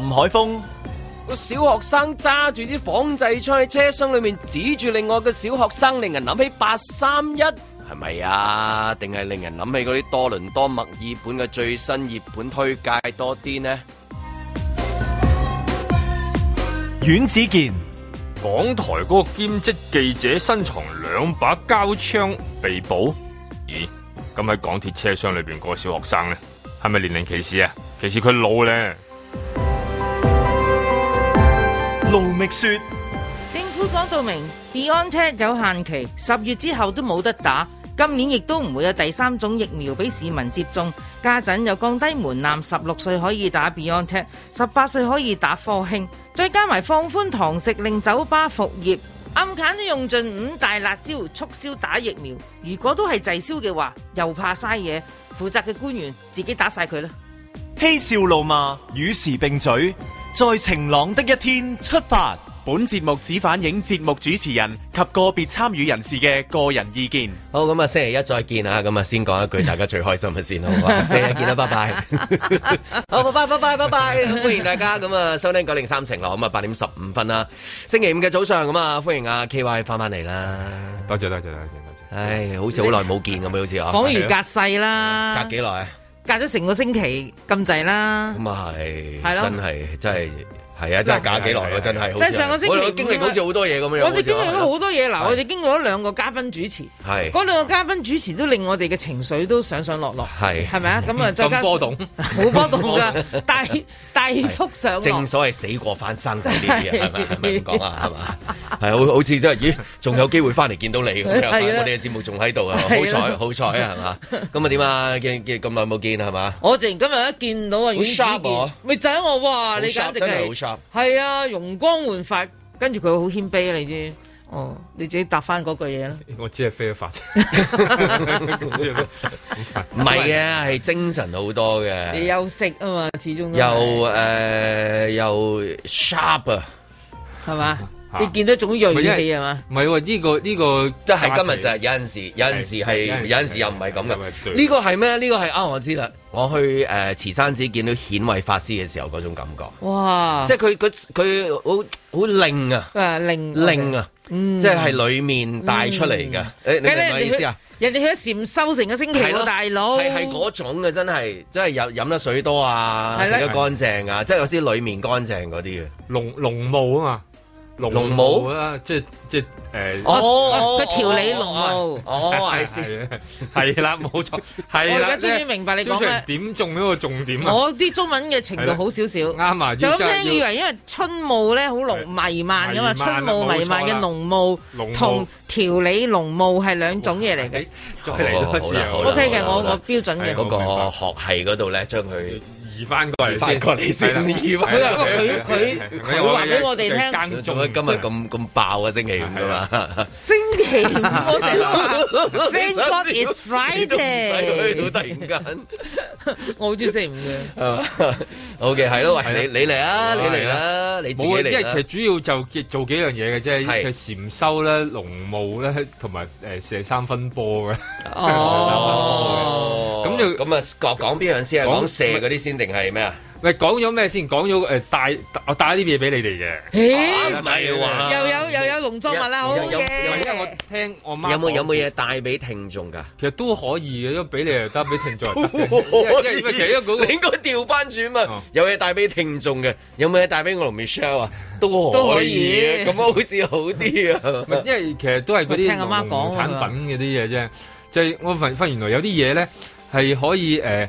林海峰、個小學生揸住啲仿製槍喺車廂裏面指住另外嘅小學生，令人諗起八三一係咪啊？定係令人諗起嗰啲多倫多、墨爾本嘅最新熱門推介多啲呢？阮子健，港台嗰個兼職記者身藏兩把膠槍被捕，咦？咁喺港鐵車廂裏邊嗰個小學生呢？係咪年齡歧視啊？歧視佢老咧？盧覓雪：政府講到明，BioNTech 有限期，十月之後都冇得打，今年亦都唔會有第三種疫苗俾市民接種。家陣又降低門檻，十六歲可以打 BioNTech，十八歲可以打科興。再加埋放寬堂食令、酒吧復業，暗砍都用盡五大辣椒促銷打疫苗。如果都係滯銷嘅話，又怕嘥嘢，負責嘅官員自己打晒佢啦。嬉笑怒罵，與時並嘴。在晴朗的一天出發。本節目只反映節目主持人及個別參與人士嘅個人意見。好，咁啊星期一再見啊。咁啊先講一句，大家最開心嘅先好， 星期一見啦，拜拜。 好，拜拜拜拜拜拜。拜拜 歡迎大家。咁啊收聽九零三晴朗。咁啊八點十五分啦，星期五嘅早上。咁啊歡迎阿 K Y 翻翻嚟啦。多謝多謝多謝多謝。唉、哎，好似 好耐冇見咁好似啊。恍如隔世啦。隔幾耐啊？隔咗成個星期咁滯啦，咁啊係，係咯，真係真係。嗯係啊，真係假幾耐咯，是是是是真係。上個星期經歷好似好多嘢咁樣。我哋經歷咗好多嘢，嗱，我哋經過咗兩個嘉賓主持，係嗰兩個嘉賓主持都令我哋嘅情緒都上上落落，係係咪啊？咁啊，咁、嗯嗯嗯、波動，好波動㗎， 大大幅上落正所謂死過翻生嗰啲嘢，係咪係咪咁講啊？係嘛，係 好似真係，咦？仲有機會翻嚟見到你咁樣、okay,？我哋嘅節目仲喺度啊！好彩好彩啊！係嘛？咁啊點啊？見見咁耐冇見係嘛？我突然今日一見到啊，雨子，咪我你簡直係啊，容光煥發，跟住佢好謙卑啊。你知，哦，你自己答翻嗰句嘢啦。我只係飛一發唔係啊，係精神好多嘅。你休息啊嘛，始終又誒、呃、又 sharp 啊，係嘛？你見到一種陽氣啊嘛？唔係喎，呢、這個呢、這個即係、就是、今日就係有陣時，有陣時係有陣時，有時又唔係咁嘅。呢、這個係咩？呢、這個係啊、哦！我知啦，我去誒慈、呃、山寺見到顯慧法師嘅時候嗰種感覺。哇！即係佢佢佢好好靈啊！誒、啊、靈，靈啊！Okay. 嗯、即係係裡面帶出嚟嘅、嗯。你明唔明意思啊？人哋去禪修成個星期大佬係係嗰種嘅，真係真係飲得水多啊，食得乾淨啊，即係有啲裏面乾淨嗰啲嘅龍霧啊嘛～農霧啦，即係即係誒、欸，哦，佢調理農務，哦，係先係啦，冇、哎、錯，係啦，我而家終於明白你講咩點中呢個重點、啊、我啲中文嘅程度好少少，啱啊，就咁聽要以為因為春霧咧好濃彌漫噶嘛，春霧彌漫嘅濃霧同調理農務係兩種嘢嚟嘅。再嚟多次，O K 嘅，我我標準嘅嗰個學係嗰度咧將佢。翻過嚟先，翻過嚟先。佢佢佢話俾我哋聽，做乜今日咁咁爆嘅星期五㗎嘛？星期五，Thank God is Friday。好突然間，我好中意星期五嘅。OK，係咯，你你嚟啊，你嚟啦，你自己嚟啦。即係其實主要就做幾樣嘢嘅啫，係禪修咧、農務咧，同埋誒射三分波嘅。哦，咁就咁啊，講講邊樣先啊？講射嗰啲先定？係咩啊？喂，講咗咩先？講咗誒，帶我帶啲嘢俾你哋嘅，欸。又有又有農作物啦，好因為我聽我媽有冇有冇嘢帶俾聽眾噶？其實都可以嘅，以 都俾你又得，俾聽眾，因為其實一、那個應該調反轉嘛。有嘢帶俾聽眾嘅，有冇嘢帶俾我同 Michelle 啊？都可以咁好似好啲啊。因為其實都係嗰啲農產品啲嘢啫。即、就、係、是、我發現原來有啲嘢咧係可以誒。呃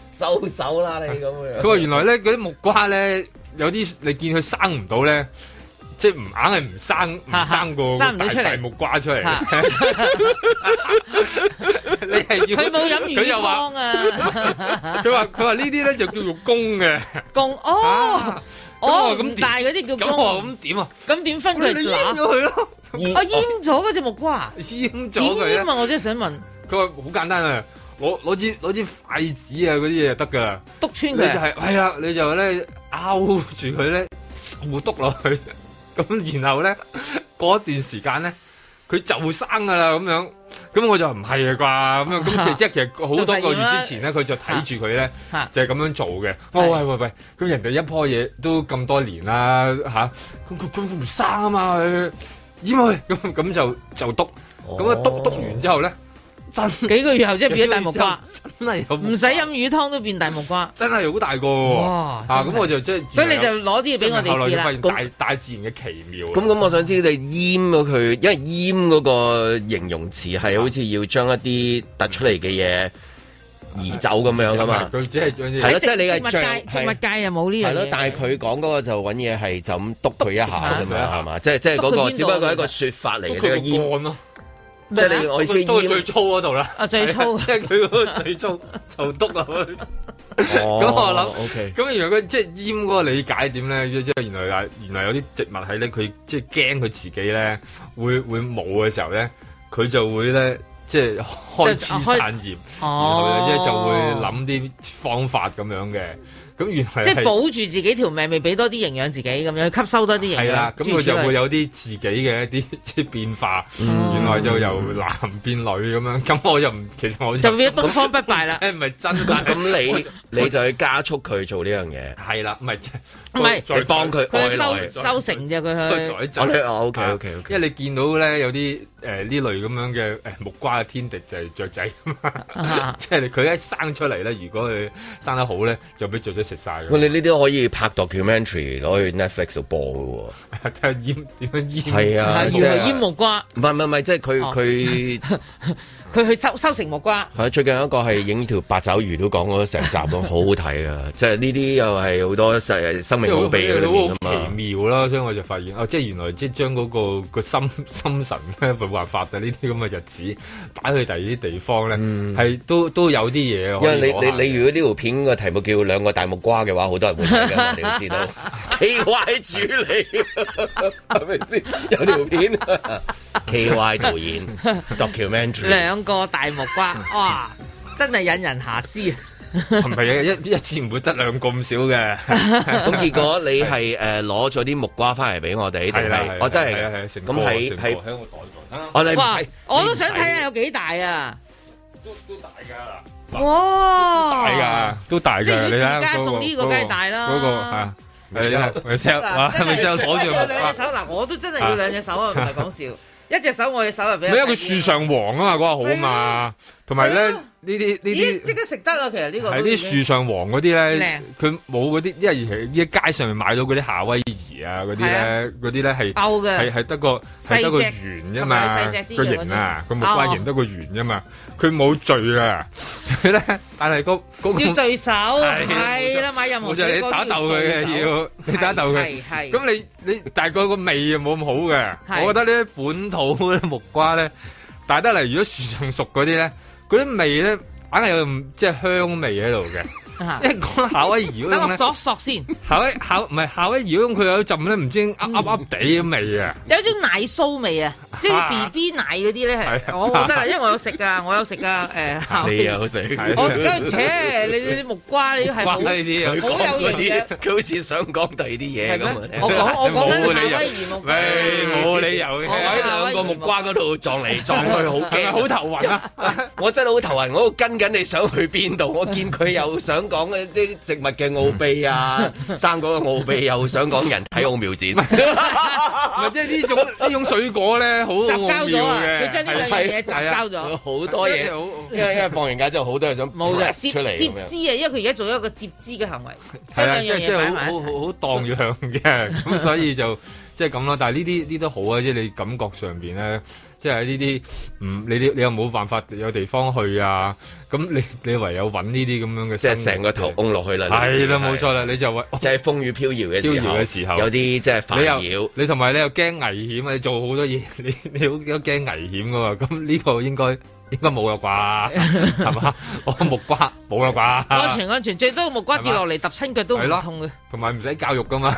收手啦！你咁樣，佢話原來咧嗰啲木瓜咧有啲你見佢生唔到咧，即係唔硬係唔生唔生個嚟。啊、生唔到出嚟木瓜出嚟。你係要佢冇飲完魚湯啊？佢又話佢話佢話呢啲咧就叫做公嘅公哦、啊、哦咁大嗰啲叫公啊？咁點啊？咁點分佢？你醃咗佢咯？啊醃咗嗰隻木瓜？醃咗佢啊！我真係想問，佢話好簡單啊。我攞支攞支筷子啊，嗰啲嘢就得噶啦，篤穿佢就係係啦，你就咧勾住佢咧，就會篤落去，咁然後咧過一段時間咧，佢就會生噶啦咁樣，咁我就唔係啊啩，咁樣，咁即係其實好多個月之前咧，佢就睇住佢咧，就係咁樣做嘅。喂喂喂，咁人哋一樖嘢都咁多年啦，吓，咁佢佢唔生啊嘛，佢，咦咪咁咁就就篤，咁啊篤篤完之後咧。真幾個月後即係變咗大木瓜，真係唔使飲魚湯都變大木瓜， 真係好大個喎！咁、啊、我就即所以你就攞啲嘢俾我哋大大自然嘅奇妙。咁咁，我想知道你淹咗佢，因為淹嗰個形容詞係好似要將一啲突出嚟嘅嘢移走咁樣噶嘛？佢即係你嘅植物界，係，植物界又冇呢樣。但係佢講嗰個就揾嘢係就咁篤佢一下，係咪啊？係嘛，即係即係嗰個，只不過係一個説法嚟嘅、呢個、淹咯。即係你都係最粗嗰度啦，啊最粗 啊，即係佢個最粗， 就篤落去。咁 我諗，OK。咁原來佢即係淹嗰個理解點咧？即係原來啊，原來有啲植物喺咧，佢即係驚佢自己咧會會冇嘅時候咧，佢就會咧即係開始散葉，oh, okay. 然後咧就會諗啲方法咁樣嘅。咁原即係保住自己的條命，未俾多啲營養自己咁樣去吸收多啲營養。係啦，咁佢就會有啲自己嘅一啲即係變化、嗯。原來就由男人變女咁樣。咁我又唔，其實我就，就變東方不敗啦。誒，唔係真㗎。咁 你你就去加速佢做呢樣嘢。係啦，唔係唔係，你幫佢佢收收成啫，佢去。我、oh, OK OK OK。因為你見到咧有啲。誒、呃，呢類咁樣嘅誒、呃、木瓜嘅天敵就係雀仔咁嘛，Uh-huh. 即係佢一生出嚟咧，如果佢生得好咧，就俾雀仔食晒。我哋呢啲可以拍 documentary 攞去 Netflix 度播噶喎。睇下醃點樣醃，係 啊，醃 木瓜。唔係唔係唔係，即係佢佢。Oh. 佢去收收成木瓜。係最近一個係影條八爪魚都講咗成集咯，很好好睇啊！ 即係呢啲又係好多生命奧秘喺裏面的，奇妙啦、啊！所以我就發現哦、啊，即係原來即係將嗰、那個心心神咧冇辦法嘅呢啲咁嘅日子，擺去第二啲地方咧，係、嗯、都都有啲嘢。因為你你你如果呢條片個題目叫兩個大木瓜嘅話，好多人會睇嘅， 我哋都知道。 K Y 處主理係咪先有這條片 ？K Y 導圖演 documentary 兩。個大木瓜哇，真係引人遐思。唔係啊，一一次唔會得兩咁少嘅。咁結果你係誒攞咗啲木瓜翻嚟俾我哋，定係我真係咁喺喺喺個台度。哇！我都想睇下有幾大啊！都都大噶啦！哇！大噶，都大噶。即係你間中呢個梗係大啦。嗰個啊，sell 啊，sell！兩隻手嗱，我都真係要兩隻手啊，唔係講笑。一隻手我嘅手入俾你有因為佢樹上黃啊嘛，嗰個好啊嘛，同埋咧。呢啲呢啲即刻食得啊！其實呢個係啲樹上黃嗰啲咧，佢冇嗰啲，因為而家街上面買到嗰啲夏威夷啊嗰啲咧，嗰啲咧係勾嘅，係係得個係得個圓啫嘛，佢型啊，個木瓜形得個圓啫嘛，佢冇聚啊，佢咧但係個個要聚手，係啦，買任何水果都要打鬥佢嘅，要你打鬥佢，係係。咁你你大概個味又冇咁好嘅，我覺得呢啲本土嘅木瓜咧，但係得嚟如果樹上熟嗰啲咧。嗰啲味呢，硬係有啲唔即係香味喺度嘅。一講下夏威夷，等我索索先。夏威夷唔係夏威夷，咁佢有浸咧，唔知啱啱啱地嘅味啊，有種奶酥味啊，即係 B B 奶嗰啲咧。我覺得啦，因為我有食噶，我有食噶。誒，你有食？我跟住且你啲木瓜，你都係冇。佢啲佢好似想講第二啲嘢咁啊！我講我講緊夏威夷木瓜，冇理由喺個木瓜嗰度撞嚟撞去，好驚，好頭暈啊！我真係好頭暈，我跟緊你想去邊度？我見佢又想。講呢啲植物嘅奧秘啊，生果嘅奧秘又想講人體奧妙展，即係呢種呢種水果咧好交咗嘅，佢將呢兩樣嘢集交咗好，啊、多嘢，因為因為放完假之後好多人想出嚟，接枝啊，因為佢而家做咗一個接枝嘅行為，啊、即係即即係好好好蕩漾嘅，咁 所以就即係咁啦。但係呢啲呢都好啊，即係你感覺上邊咧。即係呢啲唔你啲你又冇辦法有地方去啊！咁你你唯有揾呢啲咁樣嘅，即係成個頭㧬落去啦。係啦，冇錯啦，你就即係風雨飄搖嘅時候，有啲即係煩擾。你同埋你又驚危險，你做好多嘢，你你都驚危險噶嘛？咁呢個應該應該冇啦啩，係嘛？我木瓜冇啦啩？安全安全，最多木瓜跌落嚟揼親腳都唔痛。同埋唔使教育噶嘛？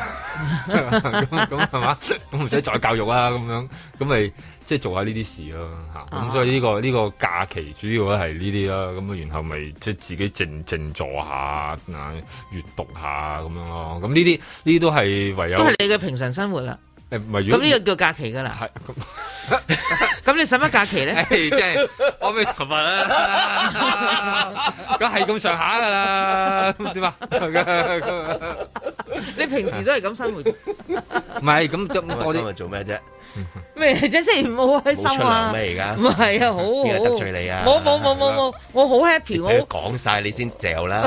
咁咁係嘛？咁唔使再教育啊？咁樣咁咪。即係做下呢啲事咯，吓，咁所以呢、呢個呢、呢個假期主要咧係呢啲啦，咁然後咪即係自己靜靜坐下，啊閱讀下咁樣咯，咁呢啲呢啲都係唯有都係你嘅平常生活啦。係咁呢個叫假期噶啦。係咁，那 那你使乜假期咧？即 係 我冇頭髮啦，咁係咁上下噶啦，點啊？你平時都係咁生活？唔係咁多啲，今日做咩啫？咩即真係唔好開心啊！咩而家？唔係啊，好好得罪你啊！冇，冇冇冇冇，我好 happy。我講晒你先嚼啦，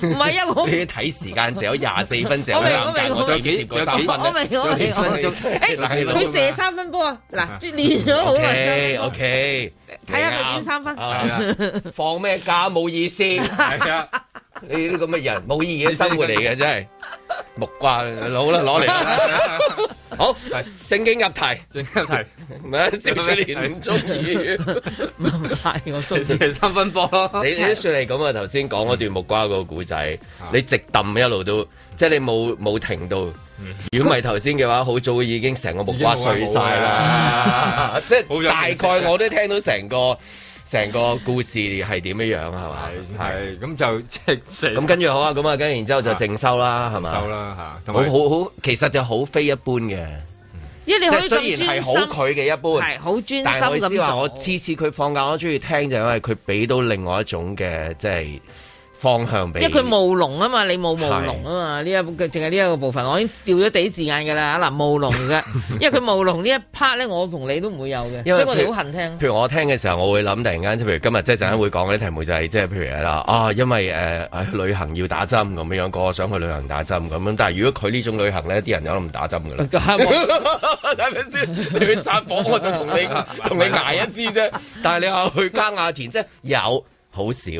唔 係啊！我你要睇時間，嚼廿四分，分， 分，我未。我兩分，再接個三分。我未我未，佢射三分波啊！嗱，練咗好耐。O K O K，睇下佢點三分。放咩假冇意思。你呢，咁嘅人冇意義嘅生活嚟嘅，真係木瓜攞啦攞嚟。好正經入題，正經入題，咩？趙雪蓮唔中意，唔係我中意係三分波咯。你你都算嚟講啊，頭先講嗰段木瓜嗰個古仔，你直揼一路都，即係你冇冇停到。如果唔係頭先嘅話，好早已經成個木瓜碎晒啦。即係大概我都聽到成個。成 個故事係點樣樣，係咪？係 咁就即咁， 跟住，好啊，咁啊，跟住然之後就淨收啦，係咪？係收啦吓，好好好，其實就好非一般嘅，因、嗯、為你可以雖然係好佢嘅一般，係、嗯、好專心咁做。我次次佢放假，我中意聽就係因為佢俾到另外一種嘅即係。即係方向俾，因為佢務農啊嘛，你冇務農啊嘛，呢一，淨係呢一個部分，我已經掉咗地字眼㗎啦。嗱，務農嘅，因為佢務農呢一 part 咧，我同你都唔會有嘅。所以我哋好恨聽譬。譬如我聽嘅時候，我會諗突然間，即係譬如今日即係陣間會講嗰啲題目就係、是，即係譬如啦，啊，因為誒、呃呃呃、旅行要打針咁樣個，我想去旅行打針咁樣，但係如果佢呢種旅行咧，啲人有冇打針㗎啦？睇唔見， 我 你去札幌我就同你同你挨一支啫、啊。但係你話去加亞田，即係有，好 少，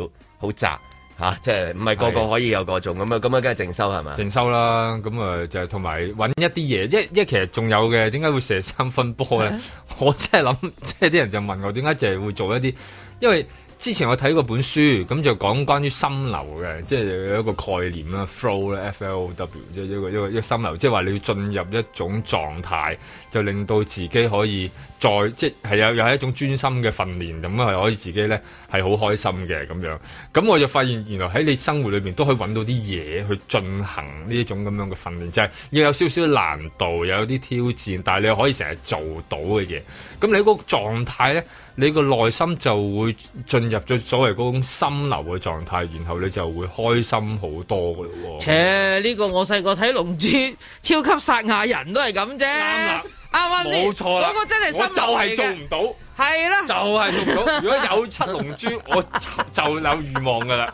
好窄。啊，即係唔係個個可以有個種咁啊？咁啊，梗係淨收係嘛？淨收啦，咁啊就同埋揾一啲嘢，即係其實仲有嘅。點解會射三分波咧、啊？我真係諗，即係啲人就問我點解淨係會做一啲，因為之前我睇過本書，咁就講關於心流嘅，即係一個概念啦，flow f l o w 即係一個一個一個心流，即係話你要進入一種狀態，就令到自己可以。再即係有又係一種專心嘅訓練，咁係可以自己呢係好開心嘅咁樣。咁我就發現原來喺你生活裏面都可以揾到啲嘢去進行呢一種咁樣嘅訓練，即係要有少少難度，又有啲挑戰，但係你可以成日做到嘅嘢。咁你嗰個狀態呢，你個內心就會進入咗所謂嗰種心流嘅狀態，然後你就會開心好多嘅喎。切！呢個我細個睇《龍珠》《超級撒亞人》都係咁啫。啱啦。啊！冇錯啦，嗰、嗰個真係心魔嚟嘅，係啦，就係做唔到。如果有七龍珠，我就，就有欲望噶啦。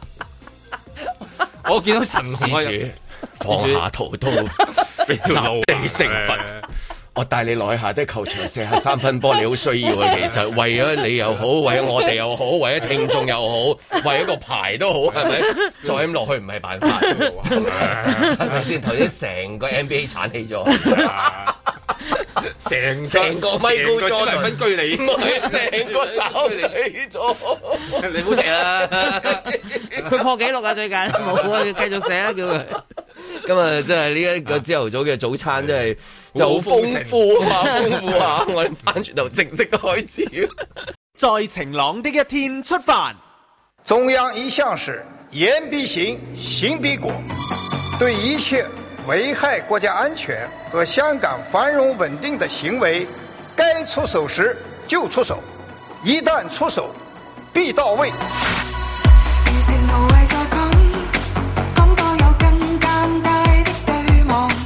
我見到神龍放下屠刀，必 立地成佛。我帶你落去下啲球場射下三分波，你好需要啊！其實為咗你又好，為咗我哋又好，為咗聽眾又好，為咗個牌都好，係咪？再咁落去唔係辦法，係咪先？頭先成個 NBA 鏟起咗，成成個米高佐三分距離，成 個走起咗， 你唔好寫啦！佢破紀錄啊！最近冇啊， 繼續寫啦，叫佢。今日真係呢一個朝頭早嘅早餐，真係就好豐富啊！豐、就是、 富啊！富 我哋班處頭正式開始，在 晴朗的一天出發。中央一向是言必行，行必果，對一切危害國家安全和香港繁榮穩定嘅行為，該出手時就出手，一旦出手，必到位。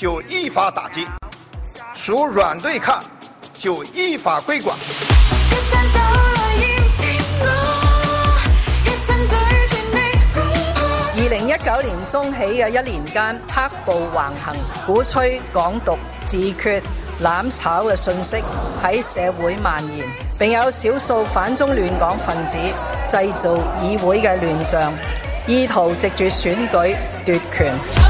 就依法打擊，屬軟對抗，就依法規管。二零一九年中起嘅一年間，黑暴橫行，鼓吹港獨、自決、攬炒嘅訊息喺社會蔓延，並有少數反中亂港分子製造議會嘅亂象，意圖藉住選舉奪權。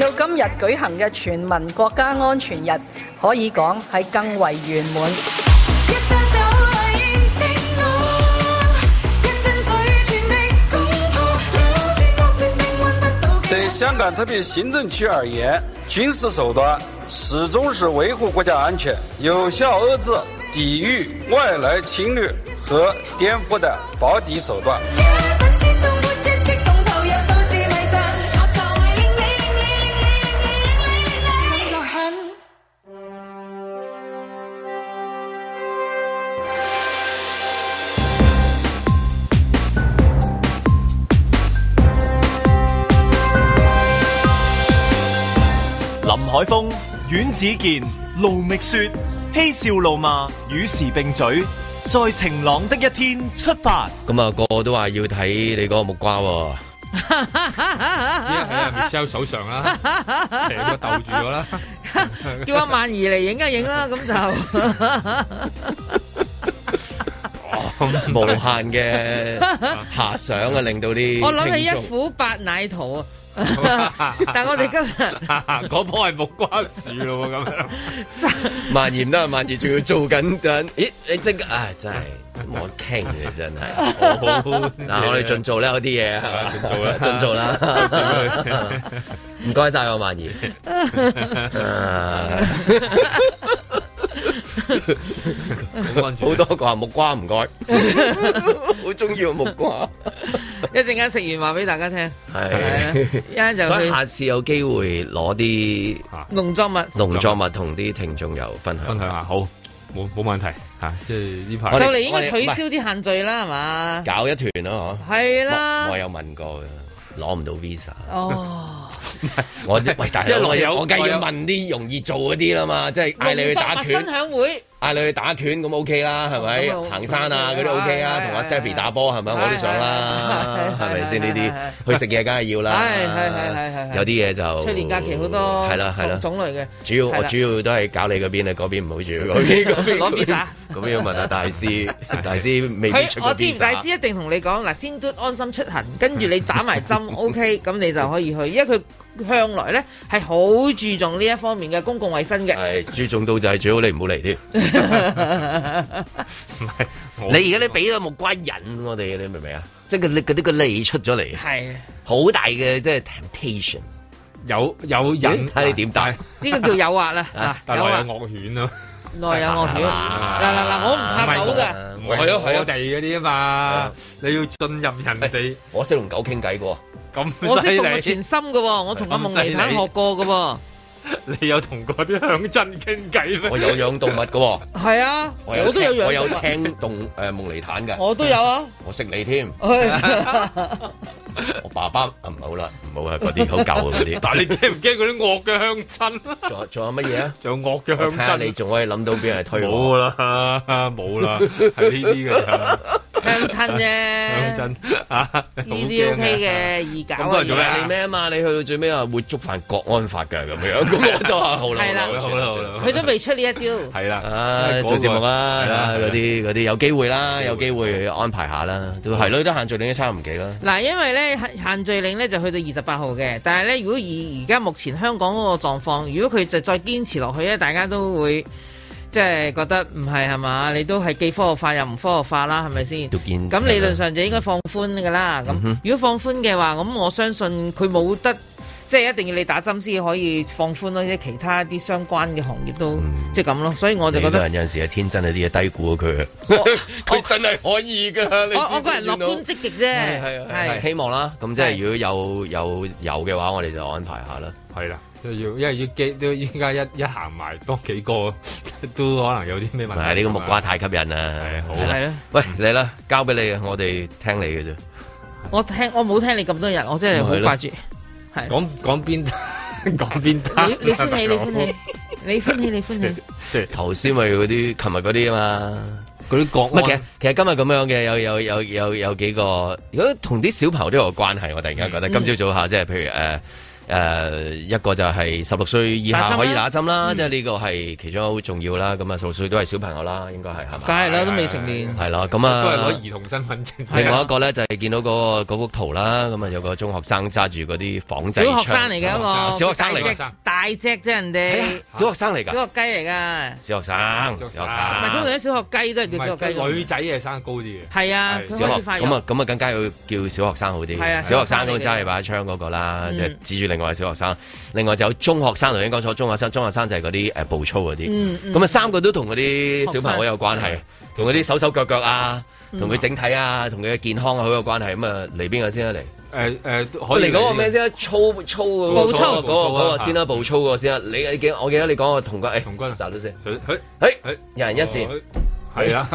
到今日舉行嘅全民國家安全日，可以講係更為圓滿。對香港特別行政區而言，軍事手段始終是維護國家安全、有效遏制、抵禦外來侵略和顛覆的保底手段。海峰、阮子健、盧覓雪、嬉笑怒罵、與時並嘴，在晴朗的一天出發。咁啊，個個都話要睇你嗰個木瓜。依家喺 Michelle 手上啦，成個鬥住咗啦。叫阿萬兒嚟影一影啦，咁就無限嘅遐想啊，令到啲我諗起一虎八奶圖啊。 但係我哋今日嗰棵係木瓜樹咯，咁 樣萬賢都係，萬賢仲要做緊緊，咦？你、哎、真係、你真係 啊，真係冇傾嘅真係，嗱，我哋盡做啦，嗰啲嘢，盡做啦，盡做啦，唔該晒我萬賢。.好 關注 多個木瓜，唔該，好中意個木瓜。 一陣間食完，話俾大家聽。係，一陣所以下次有機會攞啲農作物，農作物同啲聽眾又分享分享，下，分享下。好，冇冇問題吓。即係呢排就嚟應該取消啲限聚啦，係嘛？搞一團咯，嗬。係啦我。我有問過，攞唔到 Visa。哦。 我 喂，大佬，我梗要問啲容易做嗰啲啦嘛，即係嗌你去打拳，分享會，嗌你去打拳咁 OK 啦，係咪、嗯？行山啊，嗰、嗯、啲 OK 啊，同阿 Stephy 打波係咪？我都想啦，係咪先？呢啲、哎哎哎、去食嘢梗係要啦，係係係係，有啲嘢就出年假期好多，係啦係啦，啦，種類嘅，主要是我主要都係搞你嗰邊啊，嗰邊唔好住，嗰邊嗰邊咁要問下大師，大師未必出。我知大師一定同你講嗱，先安心出行，跟住你打埋針 OK，咁你就可以去，因為佢。向來咧係好注重呢一方面嘅公共衛生嘅，係注重到就係、是、最好你唔好嚟添。唔 係， 你而家你俾個木瓜引我哋，你明唔明、就是、啊？即係嗰啲個個利出咗嚟，係好大嘅，即係 temptation，有有人，睇、欸、你點打，呢 個叫誘惑啦，大 我、啊、有惡犬咯。 我係啊我係，嗱嗱嗱，我唔怕狗噶，係咯係咯，地嗰啲啊嘛，你要進入人哋，我識同狗傾偈噶，咁犀利，我識同佢傳心噶，我同阿蒙尼坦學過噶，你有同過啲響真傾偈咩？我有養動物噶，係啊，我都有養，我有聽動誒蒙尼坦噶，我都有啊，我識你添。我爸爸，唔好啦，唔好啊嗰啲好舊嗰啲。 但係你驚唔驚嗰啲惡嘅鄉親？仲仲有乜嘢啊？仲有惡嘅鄉親。你仲可以諗到俾人嚟推我啦？冇啦，係呢啲嘅鄉親啫。鄉親呢啲 OK 嘅二搞啊。做咩嚟咩啊嘛？你去到最尾啊，會觸犯國安法噶咁樣。咁 我就係好老土啦。算啦，算啦。佢都未出呢一招。係啦、啊那個。做節目啦、啊，嗰啲嗰啲有機會啦，有機會安排下啦。都係咯，得閒做啲差唔幾啦。嗱，因為咧。限限聚令咧就去到二十八號嘅，但係咧如果以而家目前香港嗰個狀況，如果佢就再堅持落去咧，大家都會即係覺得唔係，係嘛，你都係既科學化又唔科學化啦，係咪先？咁理論上就應該放寬㗎啦。咁、嗯、如果放寬嘅話，咁我相信佢冇得。即係一定要你打針先可以放寬咯，即其他啲相關嘅行業都、嗯、即係咁咯，所以我就覺得有陣時係天真啲嘢，低估咗佢，佢 真係可以噶。我我個人樂觀積極啫，係 希望啦。咁即係如果有有有嘅話，我哋就安排下啦。係啦，要因為要機都依家，一一行埋多幾個， 都可能有啲咩問題是。嗱，呢個木瓜太吸引啦，好啦，喂，你、嗯、啦，交俾你啊，我哋聽你嘅啫。我聽我冇聽你咁多日，我真係好掛住。講講邊，講邊、啊。你歡喜，你歡喜，你歡喜， 你歡喜。頭先咪嗰啲，琴日嗰啲啊嘛，嗰啲國。唔係，其實今日咁樣嘅，有有有有有幾個，如果同啲小朋友都有個關係，我突然間覺得、嗯、今朝早下、嗯，即係譬如誒。呃誒、呃、一個就係十六歲以下可以打針啦，針啊嗯、即係呢個係其中一個好重要啦。咁啊，十六歲都係小朋友啦，應該係係嘛？梗係啦，都未成年。係啦，咁啊，都係攞兒童身份證。另外一個咧就係見到嗰幅圖啦，咁啊有個中學生揸住嗰啲仿製槍小學生嚟嘅一個，小學生嚟嘅，那個、大隻啫人哋。小學生嚟㗎、欸，小學雞嚟㗎。小學生，小學生。唔係通常啲小學雞都係叫小學雞女仔係生得高啲嘅。係啊，小學咁啊咁啊，更加要叫小學生好啲、啊。小學生都揸住把槍嗰個啦，嗯、就係、指住你。另外小學生，另外就有中學生，同應講錯，中學生中學生就係嗰啲誒步操嗰啲，咁、嗯、啊、嗯、三個都同嗰啲小朋友有關係，同嗰啲手手腳腳啊，同、嗯、佢整體啊，同佢嘅健康好有關係。咁啊嚟邊個先啊嚟？誒誒，嚟、呃、講、呃這個咩先、啊？粗粗、啊、步操嗰、嗰個啊嗰個先啦、啊，步操嗰個先啦、啊。你記，我記得你講個同鑼，誒銅先，有一人一線。係 啊，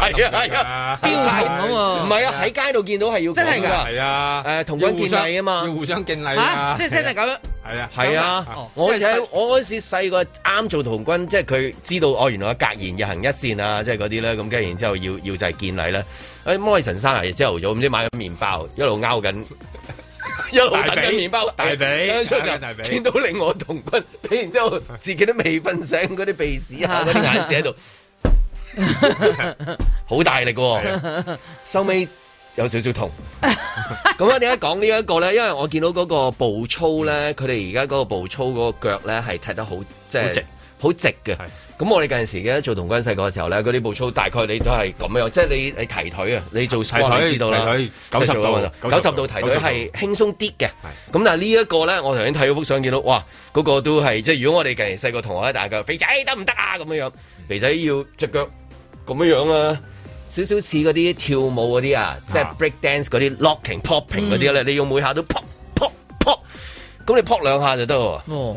係啊，係啊，標禮啊，唔係啊，喺街度見到係要，真係噶，係啊，誒、啊、童、啊啊啊啊啊啊、軍敬禮啊嘛，要互相敬禮即即真係咁樣，係啊，係啊，是是啊是啊是啊哦、是我嗰時我嗰時細個啱做童軍，即係佢知道哦，原來格言日行一善啊，即係嗰啲咧，咁跟住然之後要要就係敬禮咧。哎，摩理臣生日，朝頭早唔知買緊麵包，一路拗緊，一路等緊麵包，大髀出大髀，見到令我童軍，跟住然之後自己都未瞓醒，嗰啲鼻屎啊，啲眼屎喺度。好 大力喎、哦，收尾有少少痛。咁啊，點解講呢一個咧？因為我見到嗰個步操咧，佢哋而家嗰個步操嗰個腳咧係踢得好，即係好直、好直嘅。咁我哋近陣時嘅做童軍細個嘅時候咧，嗰啲步操大概你都係咁樣，即係你你提腿啊，你做提腿知道啦，九十度，九、就、十、是、度，度提腿係輕鬆啲嘅。咁但係呢一個咧，我頭先睇嗰幅相見到，哇，嗰、那個都係即係如果我哋近年細個同學咧，大腳肥仔得唔得啊？咁樣樣、嗯，肥仔要隻腳。咁樣啊，少少似嗰啲跳舞嗰啲啊，即係 break dance 嗰啲、啊、locking、popping 嗰啲咧，你要每下都 pop，pop、pop、pop，咁你 pop 兩下就得喎、啊。哦，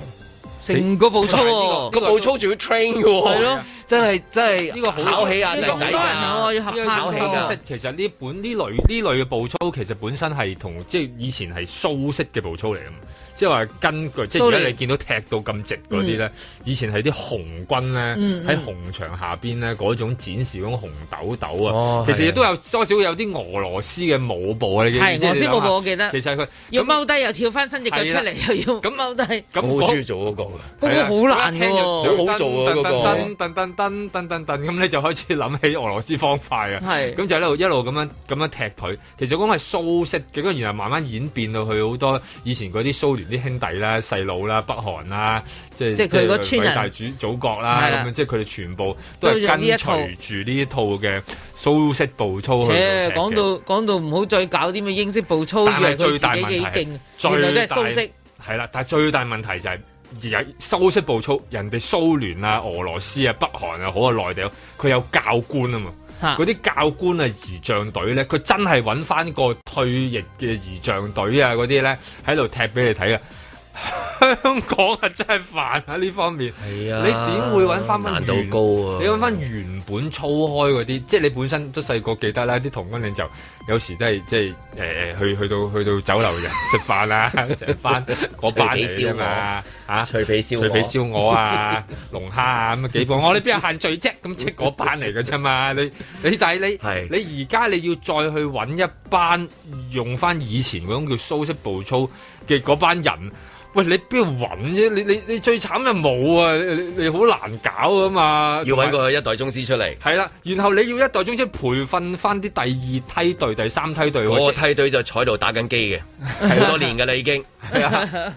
成個步操喎，就係呢個呢個步操仲要 train 㗎喎、啊。係咯、啊。真係真係呢個考起啊！咁、呢個、多人有啊，要合拍。其實呢本呢類呢類嘅步操其實本身係同即係以前係蘇式嘅步操嚟啊嘛，即係話根據即係而家你見到踢到咁直嗰啲咧，以前係啲紅軍咧喺、嗯嗯、紅牆下邊咧嗰種展示嗰種紅豆豆啊、哦，其實亦都有多少有啲俄羅斯嘅舞步啊，俄羅斯舞步我記得。其實佢要踎低又跳翻身腳，又跳出嚟，又要咁踎低。咁好中意做嗰個嗰、嗰個好難喎，好、那、好、個、做啊噔噔噔噔咁咧就開始諗起俄羅斯方塊啊！咁就喺度一路咁樣咁樣踢佢。其實講係蘇式，結果然後慢慢演變到佢好多以前嗰啲蘇聯啲兄弟啦、細佬啦、北韓啦，即係佢哋偉大祖祖國啦，咁樣即係佢哋全部都係跟隨住呢一套嘅蘇式步操。且講到講到唔好再搞啲咩英式步操，以為佢幾幾勁，最大都係蘇式。係啦，但係最大問題就係、是。又修飾步操，人哋蘇聯啊、俄羅斯啊、北韓啊，好啊內地，佢有教官啊嘛，嗰啲教官啊，儀仗隊咧，佢真係揾翻個退役嘅儀仗隊啊，嗰啲咧喺度踢俾你睇嘅。 香港啊，真係煩喺呢方面。啊、你點會揾翻翻難度高啊？你揾翻原本粗開嗰啲，即係你本身都細個記得啦。啲童軍你就有時都係即係、呃、去去到去到酒樓食 飯啦，成翻嗰班嚟啊嘛啊脆皮燒脆皮燒鵝啊， 我啊我啊我啊 龍蝦啊咁啊幾部。我？ 你邊有限聚啫？咁即係嗰班嚟嘅啫嘛。你你但係 你你而家你，你要再去揾一班用翻以前嗰種叫蘇式步操嘅嗰班人。喂，你邊度揾啫？你你你最慘就冇啊！你好難搞啊嘛！要搵個一代宗師出嚟。係啦，然後你要一代宗師培訓翻啲第二梯隊、第三梯隊。我個梯隊就坐喺度打緊機嘅，好多年噶啦已經。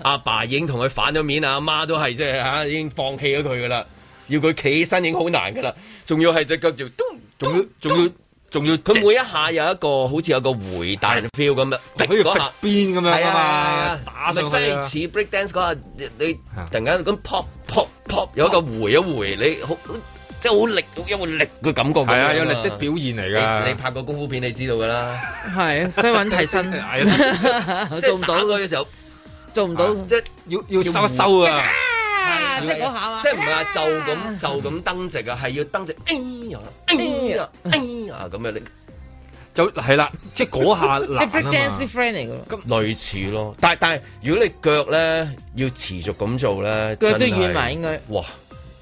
阿爸已經同佢反咗面，阿媽都係即係吓，已經放棄咗佢噶啦。要佢企起身已經好難噶啦，仲要係隻腳就，仲要仲要。仲要佢每一下有一個好似有個回彈嘅 feel 咁啊，好似劈邊咁樣，係啊，打上去啊，咪真係似 breakdance 嗰下，你突然間咁 pop pop pop 有一個回一回，你好即係好力，有個力嘅感覺。係啊，有力的表現嚟㗎。你拍過功夫片，你知道㗎啦。係，身韻提升。即係打嗰啲時候，做唔到，即係要要收一收啊。即係嗰下啊，即係唔係話就咁就咁登直啊，係要登直，哎呀，哎呀，哎呀，咁樣咧，就係啦， 即係嗰下難啊嘛。即係不 dance friend 嚟噶咯，類似咯，但係但係如果你腳咧要持續咁做咧，腳都軟埋應該。哇，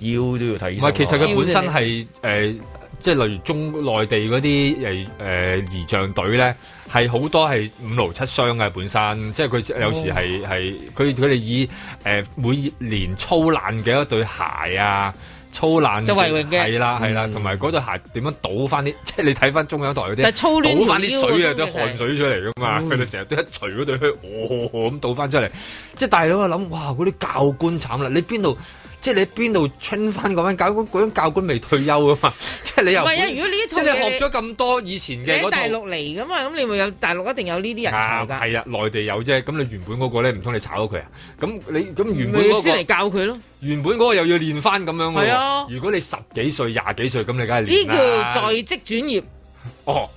腰都要睇。唔係，其實佢本身係誒。即係例如中內地嗰啲誒誒儀仗隊咧，係好多係五勞七傷嘅本身，即係佢有時係係佢佢哋以、呃、每年操爛嘅一對鞋啊，操爛、周圍嘅，係啦係啦，同埋嗰對鞋點樣倒翻啲、嗯？即係你睇翻中央台嗰啲，倒翻啲水啊啲汗水出嚟㗎嘛！佢哋成日都一除嗰對靴，哦咁倒翻出嚟，即係大佬就諗哇，嗰啲教官慘啦，你邊度？即係你邊度 t r 翻嗰班教官？嗰種教官未退休啊嘛！即係你又唔係啊？如果呢啲即係你學咗咁多以前嘅喺大陸嚟噶嘛？咁你咪有大陸一定有呢啲人炒噶。係啊，內、啊、地有啫。咁你原本嗰個咧，唔通你炒咗佢啊？咁你咁原本嗰、那個先嚟教佢咯。原本嗰個又要練翻咁樣、啊。係啊，如果你十幾歲、廿幾歲咁，你梗係練呢叫在職轉業。哦。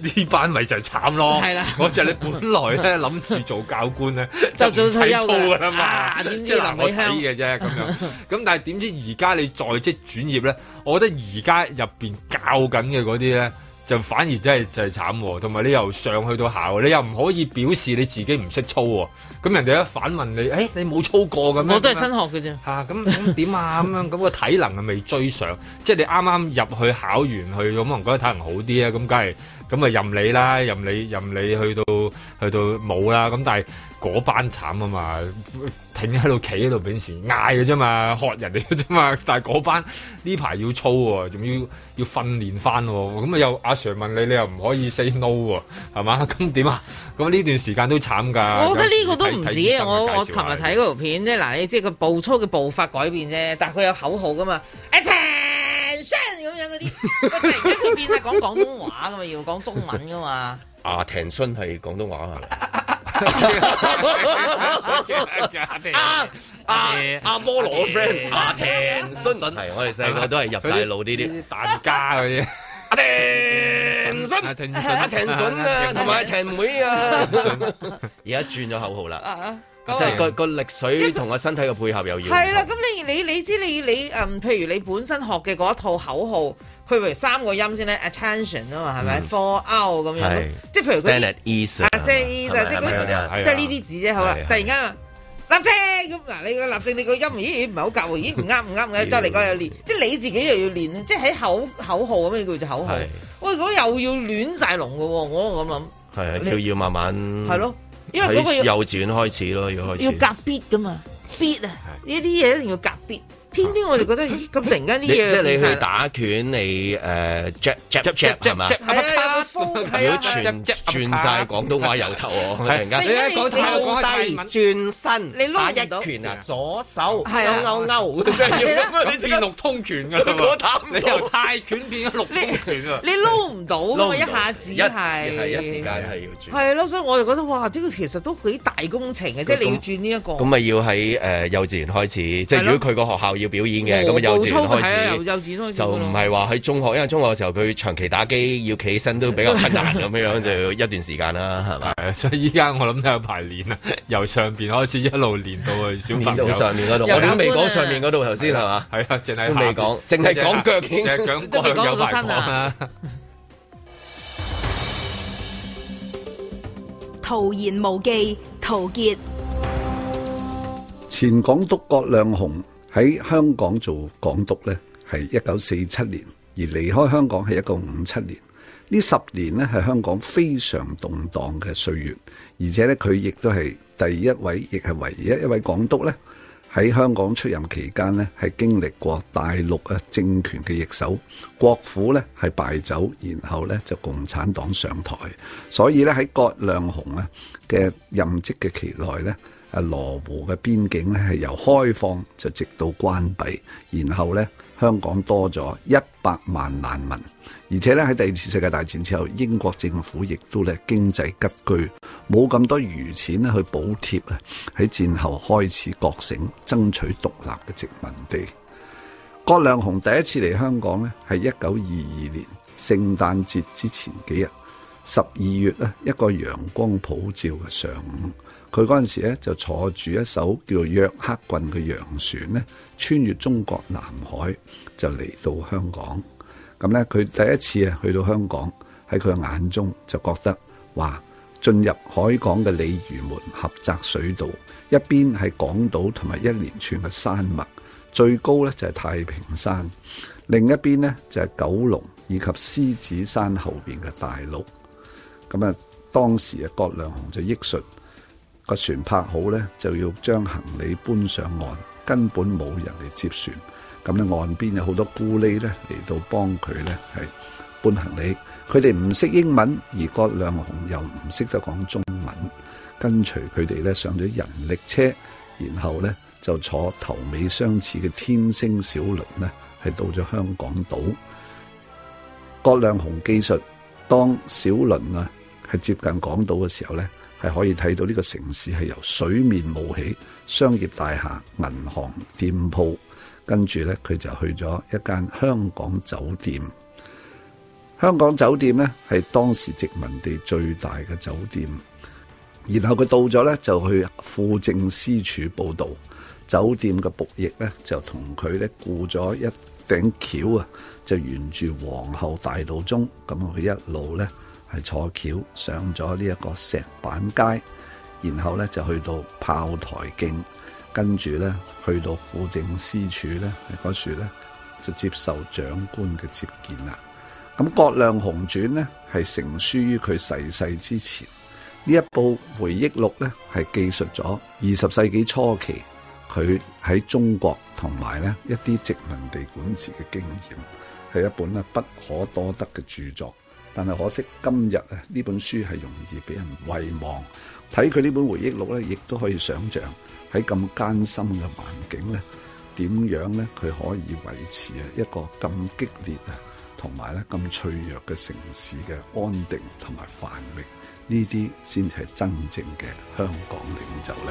呢班咪就係慘咯，係啦，我就係你本來咧諗住做教官咧， 就做體操噶啦嘛、 啊，即係 我睇嘅啫咁樣，咁但係點知而家你在職轉業咧，我覺得而家入面教緊嘅嗰啲咧。就反而真係就係、是就是、慘喎，同埋你又上去到考，你又唔可以表示你自己唔識操喎，咁人哋一反問你，誒、哎、你冇操過咁咩？我都係新學嘅啫。嚇，咁咁點啊？咁咁個體能係未追上，即係你啱啱入去考完去，可能覺得體能好啲啊，咁梗係咁啊任你啦，任你任你去到去到冇啦，咁但係。嗰班慘啊嘛，停喺度，企喺度，表示嗌嘅啫嘛，嚇人嘅啫嘛。但係嗰班呢排要操喎、啊，仲要要訓練翻、啊、喎。咁啊又阿 Sir 問你，你又唔可以 say no 喎，係嘛？咁點啊？咁呢、啊、段時間都慘㗎、啊。我覺得呢個都唔止、啊、我我琴日睇嗰條片啫，嗱，你即係個步操嘅步伐改變啫，但係佢有口號噶嘛，Attention 咁 樣嗰那啲，突然佢變曬講廣東話㗎嘛，要講中文㗎嘛。啊，Attention 係廣東話啊。 阿阿阿摩羅 friend，阿田順係，我哋細個都係入晒腦呢啲大家嗰啲，阿田順、阿田順啊，同埋阿田妹啊、嗯，而家轉咗口號啦，即係阿個力水同個身體嘅配合又要係啦。咁你你你知你你誒、嗯，譬如你本身學嘅嗰一套口號。佢譬如三個音先咧，attention 啊嘛，係、嗯、咪？Fall out 咁樣，即係譬如嗰啲 s 即係呢啲字啫。好啦、啊，突然間啊，立正咁嗱，你個立正你個音咦唔係好夾喎，咦唔啱唔啱嘅， 再嚟講又練、啊，即係你自己又要練，即係喺口口號咁樣叫就口號。喂，咁又要亂晒龍㗎喎，我咁諗。係啊，要要慢慢。係咯，因為嗰個要右轉開始咯，要開始。要夾必㗎嘛，必啊，呢啲嘢一定要夾必。偏偏我就覺得咁突然間啲嘢，即係、就是、你去打拳，你呃，jap 係嘛？阿媽都封係要全轉晒廣東話由頭喎，突然間你一講頭低轉身，你撈一拳啊，左手係啊勾勾，真係變六通拳㗎嘛？你由泰拳變咗六通拳啊！你撈唔到㗎嘛，一下子係係一時間係要轉。係咯，所以我就覺得哇，呢、這個其實都幾大工程嘅，即係、就是、你要轉呢、這、一個。咁咪要喺誒、呃、幼稚園開始，即係、就是、如果佢個學校要。表演嘅咁啊，幼稚園開始就唔係話喺中學，因為中學嘅時候佢長期打機，要起身都比較困難咁樣， 就要一段時間啦，係咪？ 所以依家我諗都有排練由上邊開始一路練到小朋友。上面嗰度， 我哋都未講上面嗰度頭先係嘛？係 啊，淨係未講，淨係講腳腳都未講到身啊。陶言無忌，陶傑。前港督葛量洪，喺香港做港督咧，係一九四七年，而離開香港係一九五七年。呢十年呢，係香港非常動盪嘅歲月，而且咧，佢亦都係第一位，亦係唯一一位港督咧，喺香港出任期間呢，係經歷過大陸啊政權嘅易手，國府咧係敗走，然後咧就共產黨上台，所以咧喺葛量洪啊嘅任職嘅期內咧。羅羅湖嘅邊境係由開放就直到關閉，然後呢香港多咗一百萬難民，而且呢，喺第二次世界大戰之後，英國政府亦都咧經濟拮據，冇咁多餘錢去補貼啊！喺戰後開始覺醒，爭取獨立嘅殖民地。郭亮雄第一次嚟香港呢，係一九二二年聖誕節之前幾日，十二月一個陽光普照嘅上午。佢嗰陣時咧就坐住一艘叫做約克郡嘅洋船咧，穿越中國南海就嚟到香港。咁咧，佢第一次啊去到香港，喺佢嘅眼中就覺得話進入海港嘅鯉魚門狹窄水道，一邊係港島同埋一連串嘅山脈，最高咧就係太平山；另一邊呢就係九龍以及獅子山後邊嘅大陸。咁啊，當時嘅郭亮雄就憶述。個船泊好咧，就要將行李搬上岸，根本冇人嚟接船。咁咧，岸邊有好多咕喱咧嚟到幫佢咧係搬行李。佢哋唔識英文，而郭亮雄又唔識得講中文，跟隨佢哋咧上咗人力車，然後咧就坐頭尾相似嘅天星小輪咧係到咗香港島。郭亮雄記述，當小輪啊係接近港島嘅時候咧。可以睇到呢個城市係由水面冒起，商業大廈、銀行、店鋪，跟住呢，佢就去咗一間香港酒店。香港酒店呢，係當時殖民地最大嘅酒店。然後佢到咗呢，就去輔政司處報道。酒店嘅僕役呢，就同佢呢，僱咗一頂轎啊，就沿住皇后大道中咁去一路呢。坐轎上咗呢一個石板街，然後咧就去到炮台徑，跟住咧去到輔政司署咧，嗰處咧就接受長官嘅接見啦。咁《葛量洪傳》咧係成書於佢逝世，世之前，呢一部回憶錄咧係記述咗二十世紀初期佢喺中國同埋咧一啲殖民地管治嘅經驗，係一本咧不可多得嘅著作。但係可惜，今日啊呢本書係容易俾人遺忘。睇佢呢本回憶錄咧，亦都可以想像喺咁艱辛嘅環境咧，點樣咧佢可以維持啊一個咁激烈啊同埋咧咁脆弱嘅城市嘅安定同埋繁榮，呢啲先係真正嘅香港領袖嚟。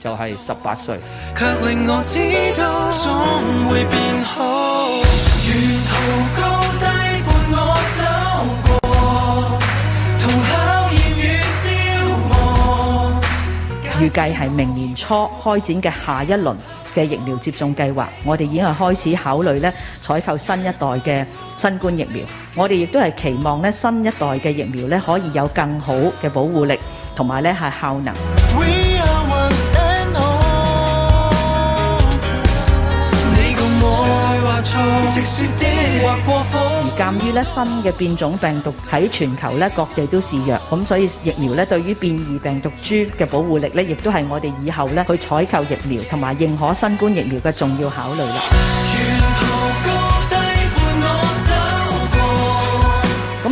就係十八歲。預計係明年初開展嘅下一輪嘅疫苗接種計劃，我哋已經係開始考慮咧採購新一代嘅新冠疫苗。我哋亦都係期望咧新一代嘅疫苗咧可以有更好嘅保護力，同埋咧係效能。而鑑於咧新嘅變種病毒喺全球咧各地都示弱，咁所以疫苗咧對於變異病毒株嘅保護力咧，亦都係我哋以後咧去採購疫苗同埋認可新冠疫苗嘅重要考慮啦。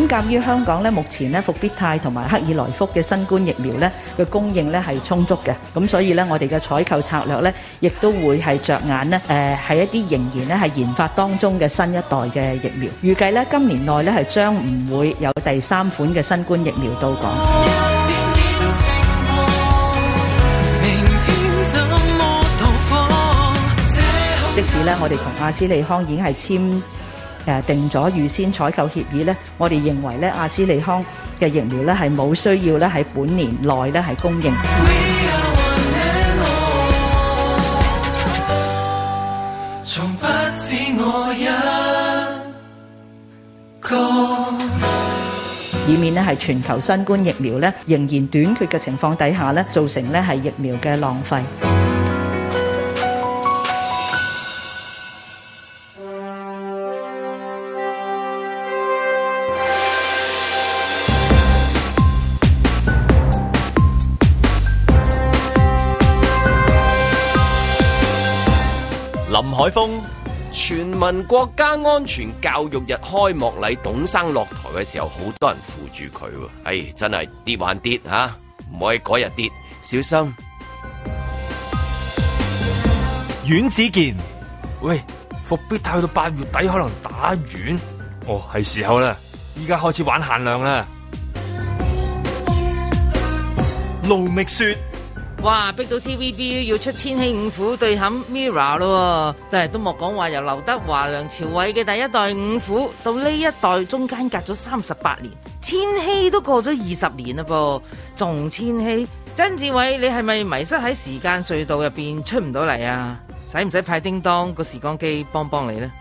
鑑於香港咧，目前咧復必泰同埋克爾來福嘅新冠疫苗咧嘅供應咧係充足嘅，咁所以咧我哋嘅採購策略咧亦都會係着眼咧誒喺一啲仍然咧係研發當中嘅新一代嘅疫苗。預計咧今年內咧係將唔會有第三款嘅新冠疫苗到港。即使咧我哋同阿斯利康已經係簽。誒定咗預先採購協議咧，我哋認為咧，阿斯利康嘅疫苗咧係冇需要咧喺本年內咧係供應，以免咧係全球新冠疫苗咧仍然短缺嘅情況底下咧，造成咧係疫苗嘅浪費。民國家安全教育日開幕禮，董生落台嘅時候，好多人扶住佢。唉、哎，真係跌玩，跌吓，唔、啊、可以改日跌，小心。阮子健，喂，復必泰打去到八月底，可能打完。哦，係時候啦，依家開始玩限量啦。盧覓雪。哇！逼到 TVB 要出千禧五虎對冚 mirror 咯，但係都莫講話由劉德華、梁朝偉嘅第一代五虎到呢一代中間隔咗三十八年，千禧都過咗二十年啦噃，仲千禧？曾志偉，你係咪迷失喺時間隧道入邊出唔到嚟啊？使唔使派叮當個時光機幫幫你呢？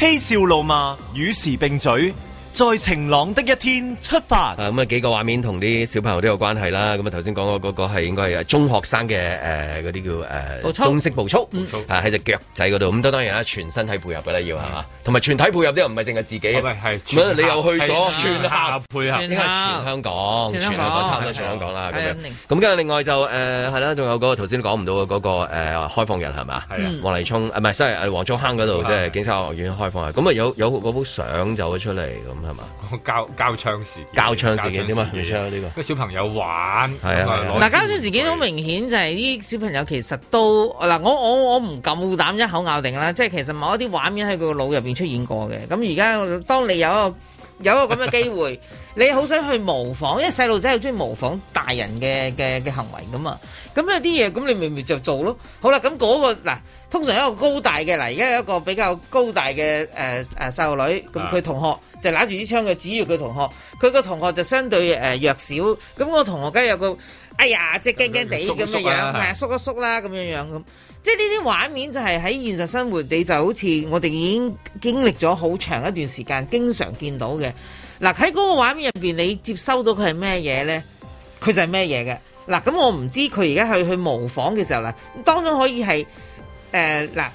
嬉笑怒罵，與時並舉。在晴朗的一天出發。咁啊、嗯、幾個畫面同啲小朋友都有關係啦。咁啊頭先講嗰個係應該係中學生嘅誒嗰啲叫誒、呃、中式步操，喺、嗯啊、隻腳仔嗰度。咁、嗯、都當然啦，全身體配合嘅啦要係嘛，同、嗯、埋全體配合啲，唔係淨係自己。咁你又去咗全校配合，應該係全香港，全香港差唔多全香港啦咁樣。咁跟住另外就誒係啦，仲、呃、有個頭先講唔到嗰、那個、呃、開放日係嘛，黃麗聰啊唔係，即係黃竹坑嗰度即係警察學院開放日咁啊、嗯嗯、有有嗰幅相走咗出嚟咁。係嘛？交交槍事件，交槍事件點啊？互、這、呢個，小朋友玩係啊。嗱、啊啊，交槍事件好明顯就係啲小朋友其實都嗱，我我我唔夠膽一口咬定啦。即係其實某一啲畫面喺佢個腦入邊出現過嘅。咁而家當你有一個。有個咁嘅機會，你好想去模仿，因為細路仔好中意模仿大人嘅嘅嘅行為噶嘛。咁有啲嘢，咁你明明就做咯。好啦，咁嗰、嗰個嗱，通常有一個高大嘅嗱，而家有一個比較高大嘅誒誒細路女，咁佢同學就拿住支槍嘅指住佢同學，佢個同學就相對誒、呃、弱小，咁、嗰個同學梗係有個哎呀，即係驚驚地咁樣樣，縮一縮啦咁樣樣咁。即係呢啲畫面就係喺現實生活，你就好似我哋已經經歷咗好長一段時間，經常見到嘅。嗱喺嗰個畫面入邊，你接收到佢係咩嘢呢？佢就係咩嘢嘅？嗱咁我唔知佢而家去去模仿嘅時候，呢當中可以係誒嗱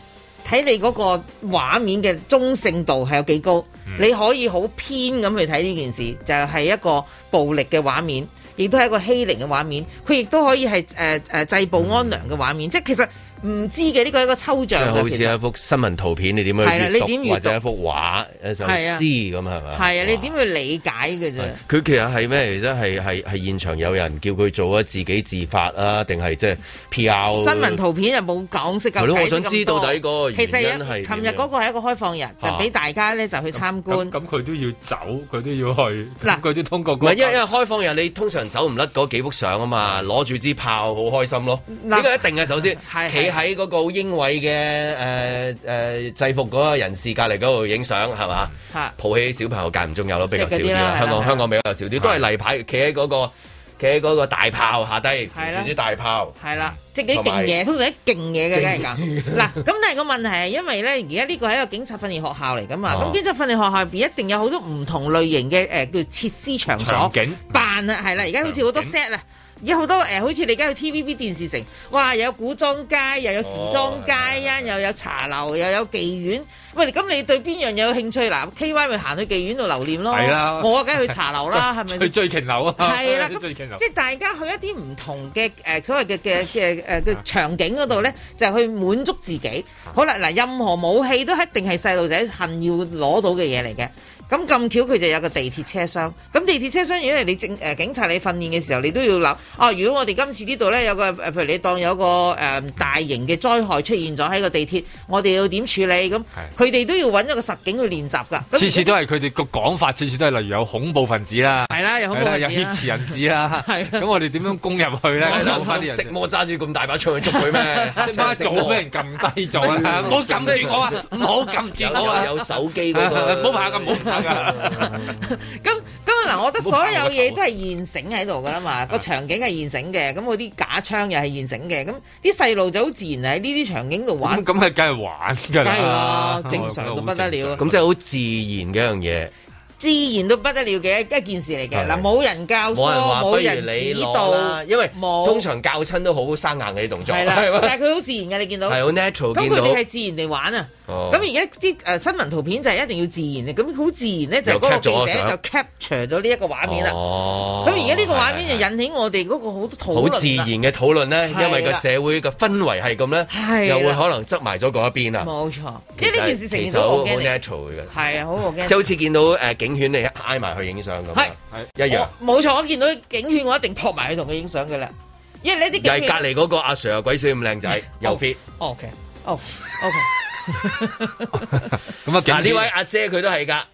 睇你嗰個畫面嘅中性度係有幾高，你可以好偏咁去睇呢件事，就係、是、一個暴力嘅畫面，亦都係一個欺凌嘅畫面。佢亦都可以係誒誒制暴安良嘅畫面，嗯、即係其實。唔知嘅呢個係一個抽象的，好似一幅新聞圖片，你點樣或者一幅畫一首詩咁係咪？係啊，啊，啊，你點去理解嘅啫？佢、啊、其實係咩嚟啫？係係係現場有人叫佢做啊，自己自發啊，定係即係 PR 新聞圖片又冇講識咁、啊，我想知道到底嗰個原因係其實係琴日嗰個係一個開放日、啊，就俾大家咧就去參觀。咁佢都要走，佢都要去，嗱佢都通過唔、那、係、個、因，因為開放日，你通常走唔甩嗰幾幅相啊嘛，攞住支炮好開心咯，呢個一定嘅首先企。喺嗰個好英偉嘅誒誒制服嗰個人士隔離嗰度影相係嘛？係、啊、抱起小朋友間唔中有咯，比較少啲啦、就是。香港、啊、香港比較少啲、啊，都係例牌，企喺嗰個企喺嗰個大炮下低，攔、啊、住啲大炮。係啦、啊。即係啲勁嘢，通常啲勁嘢嘅梗係㗎。嗱，咁但係個問題係，因為咧而家呢個係一個警察訓練學校嚟㗎嘛。咁警察訓練學校入邊一定有好多唔同類型嘅誒叫設施場所扮啊，係啦。而家好似好多 set 啊，有好多誒，好似你而家去 TVB 電視城，哇！又有古裝街，又有時裝街，呀又有茶樓，又有妓院。喂，咁你對邊樣有興趣？嗱，KY 咪行去妓院度留念咯。係啦，我梗係去茶樓啦，係咪？去追情樓啊！係啦，咁即係大家去一啲唔同嘅誒所謂嘅嘅嘅。誒、呃、場景嗰度呢，就去滿足自己。好啦，嗱，任何武器都一定係細路仔恨要攞到嘅嘢嚟嘅。咁咁巧佢就有個地鐵車廂，咁地鐵車廂，如果你、呃、警察你訓練嘅時候，你都要諗，哦、啊，如果我哋今次呢度咧有個譬如你當有個、呃、大型嘅災害出現咗喺個地鐵，我哋要點處理？咁佢哋都要搵一個實景去練習㗎。次次都係佢哋個講法，次次都係例如有恐怖分子啦，係啦，有劫持人質啦，咁、啊、 我哋點樣攻入去呢？攞返啲食魔揸住咁大把菜去捉佢咩？做 俾食魔笑食魔早笑人撳低咗啦！冇 撳住， 住， 有 住我啊！唔好撳住我有手機嗰冇 咁咁嗱，我覺得所有嘢都係現成喺度噶啦嘛，個場景係現成嘅，咁嗰啲假槍又係現成嘅，咁啲細路就好自然喺呢啲場景度玩，咁咪梗係玩梗係啦，正常到不得了，咁即係好自然嘅一樣嘢，自然都不得了嘅一件事嚟嘅，嗱，冇人教，冇人指導，因為通常教親都好生硬嘅啲動作，係 但係佢好自然嘅，你見到係好 natural，咁佢哋係自然地玩啊。咁而家啲新聞圖片就一定要自然嘅，咁好自然咧就嗰個記者就 capture 咗呢一個畫面啦。哦，咁而家呢個畫面就引起我哋嗰個好多討論。好自然嘅討論咧，因為個社會嘅氛圍係咁咧，又會可能執埋咗嗰一邊啦。冇錯，因為呢件事呈現好 natural 嘅，係啊，好我驚，好似見到警犬你一挨埋去影相咁，係一樣，冇錯，我見到警犬我一定撲埋去同佢影相嘅啦，因為呢啲係隔離嗰個阿 sir 又鬼死咁靚仔，有 fit。 oh, OK，OK okay .oh, okay. 咁 啊！嗱，呢位阿姐佢都係噶，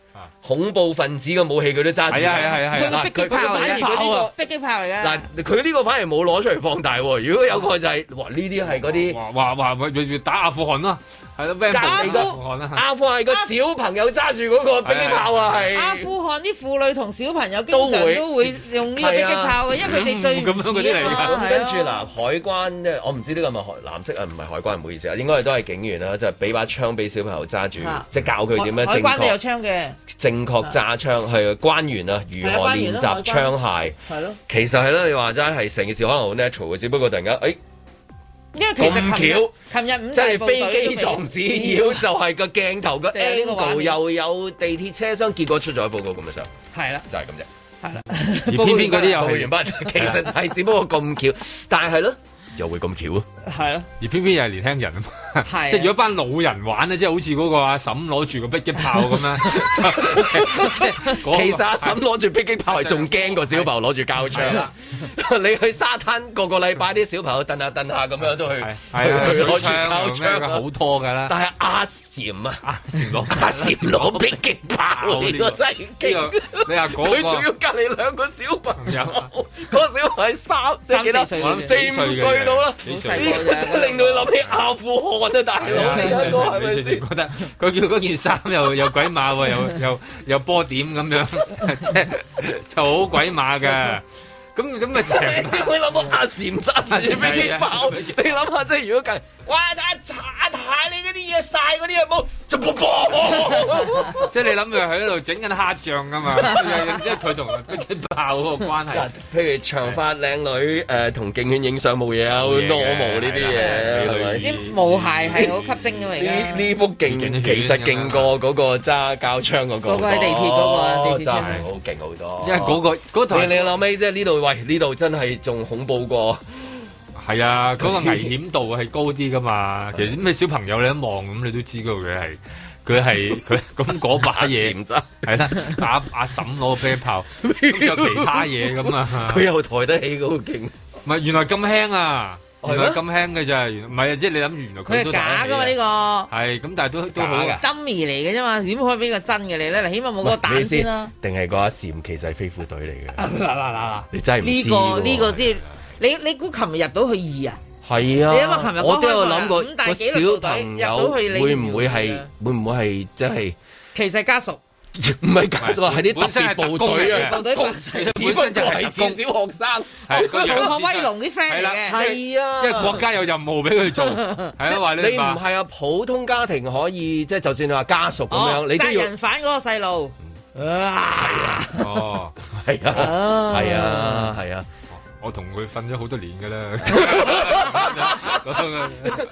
恐怖分子嘅武器佢都揸住，係啊係啊係啊，佢、啊啊啊呢個迫擊炮嚟嘅，迫擊炮嚟嘅。嗱、呢個，佢呢個反而冇攞出嚟放大喎。如果有個就係、係，哇！呢啲係嗰啲，哇哇哇，例如打阿富汗囉。係、啊、咯，阿富汗，阿富汗係個小朋友揸住嗰個迫擊炮啊！阿富汗啲婦、啊啊啊、女同小朋友經常都會用呢個迫擊炮嘅、啊，因為佢哋最中意啲嚟嘅。跟住嗱，海關即我唔知呢個係咪海藍色啊，唔係海關唔好意思啊，應該都係警員啦，就俾、係、把槍俾小朋友揸住、啊，即係教佢點樣正確。海關都有槍嘅，正確揸槍係關員啊，如何練習槍械？咯、啊，其實係咯，你話齋係成件事可能好 natural 嘅，只不過突然間、哎因為其實，今日，即係飛機撞紙鷂就係個鏡頭個 angle 又有地鐵車廂，結果出咗報告咁嘅啫。係啦，就係咁啫。係啦，而偏偏嗰啲又去完畢，其實就係只不過咁巧， 但係咯。又會咁巧咯，係咯、啊，而偏偏又係年輕人，即係、啊就是、如果班老人玩咧，即係好似嗰個阿嬸攞住個迫擊炮咁啦，即 係就、 就是、 其實阿嬸攞住迫擊炮仲驚過小朋友攞住膠槍啦。啊、 你去沙灘個個禮拜啲小朋友蹬下蹬下咁樣都去，攞住膠槍好、啊、拖㗎啦。但係阿嬸啊，阿嬸攞阿嬸攞迫擊炮，你、啊這個、真係驚、這個，你話嗰、那個佢仲要隔離兩個小朋友，嗰、啊那個小朋友三即係幾多歲，四五歲。 到啦，呢呢個真係、令到佢諗起阿富汗啊，大佬、啊，你覺得佢叫嗰件衫又又鬼馬喎，又又又波點咁樣，即係就好鬼馬嘅。 咁咁咪成啲佢諗下阿蟬炸住俾佢爆，你諗下即係如果計，哇一擦一鞋你嗰啲嘢曬嗰啲有冇？仲唔過？即係你諗佢喺度整緊蝦醬啊嘛，即係佢同佢爆嗰個關係。譬如長髮靚女誒同警犬影相冇嘢啊，會落毛呢啲嘢係咪？啲毛鞋係好吸睛㗎嘛，而家。呢呢幅勁，其實勁過嗰個揸膠槍嗰個。嗰個地鐵嗰個真係好勁好多。因為嗰個嗰台你諗起即係呢度話。喂，呢度真係仲恐怖過，係啊，嗰、嗰個危險度係高啲噶嘛。 其實咩小朋友你一望咁，你都知道佢係佢係佢咁嗰把嘢唔得，係 啦、啊，打、啊啊 啊、阿嬸攞個啤炮，咁 有其他嘢咁啊，佢 又抬得起嗰個勁，唔係原來咁輕啊！原來咁輕嘅啫，唔係啊！即係你諗住原來佢都假噶嘛呢個。係咁，但係都都好。dummy 嚟嘅啫嘛，點可以俾個真嘅你咧？嗱，起碼冇個彈，先啦。定係個阿嬋其實係飛虎隊嚟嘅。嗱嗱嗱，你真係唔？呢個呢個先，你你估琴日入到去二啊？係啊。你因為琴日我都有諗過個小朋友會唔會係會唔會係即係？其實家屬。唔係咁喎，係啲本身係部隊啊，部隊，本身就係小學生，係佢逃學威龍啲 friend 嚟嘅，係啊，因為國家有任務俾佢做，係咯，話你唔係啊，啊普通家庭可以即係，就算你話家屬咁樣，哦、你殺人犯嗰個細路、嗯、啊,啊，哦，係 啊，係啊，係啊,啊,啊,啊,啊,啊,啊,啊,啊,啊，我同佢瞓咗好多年噶啦， 我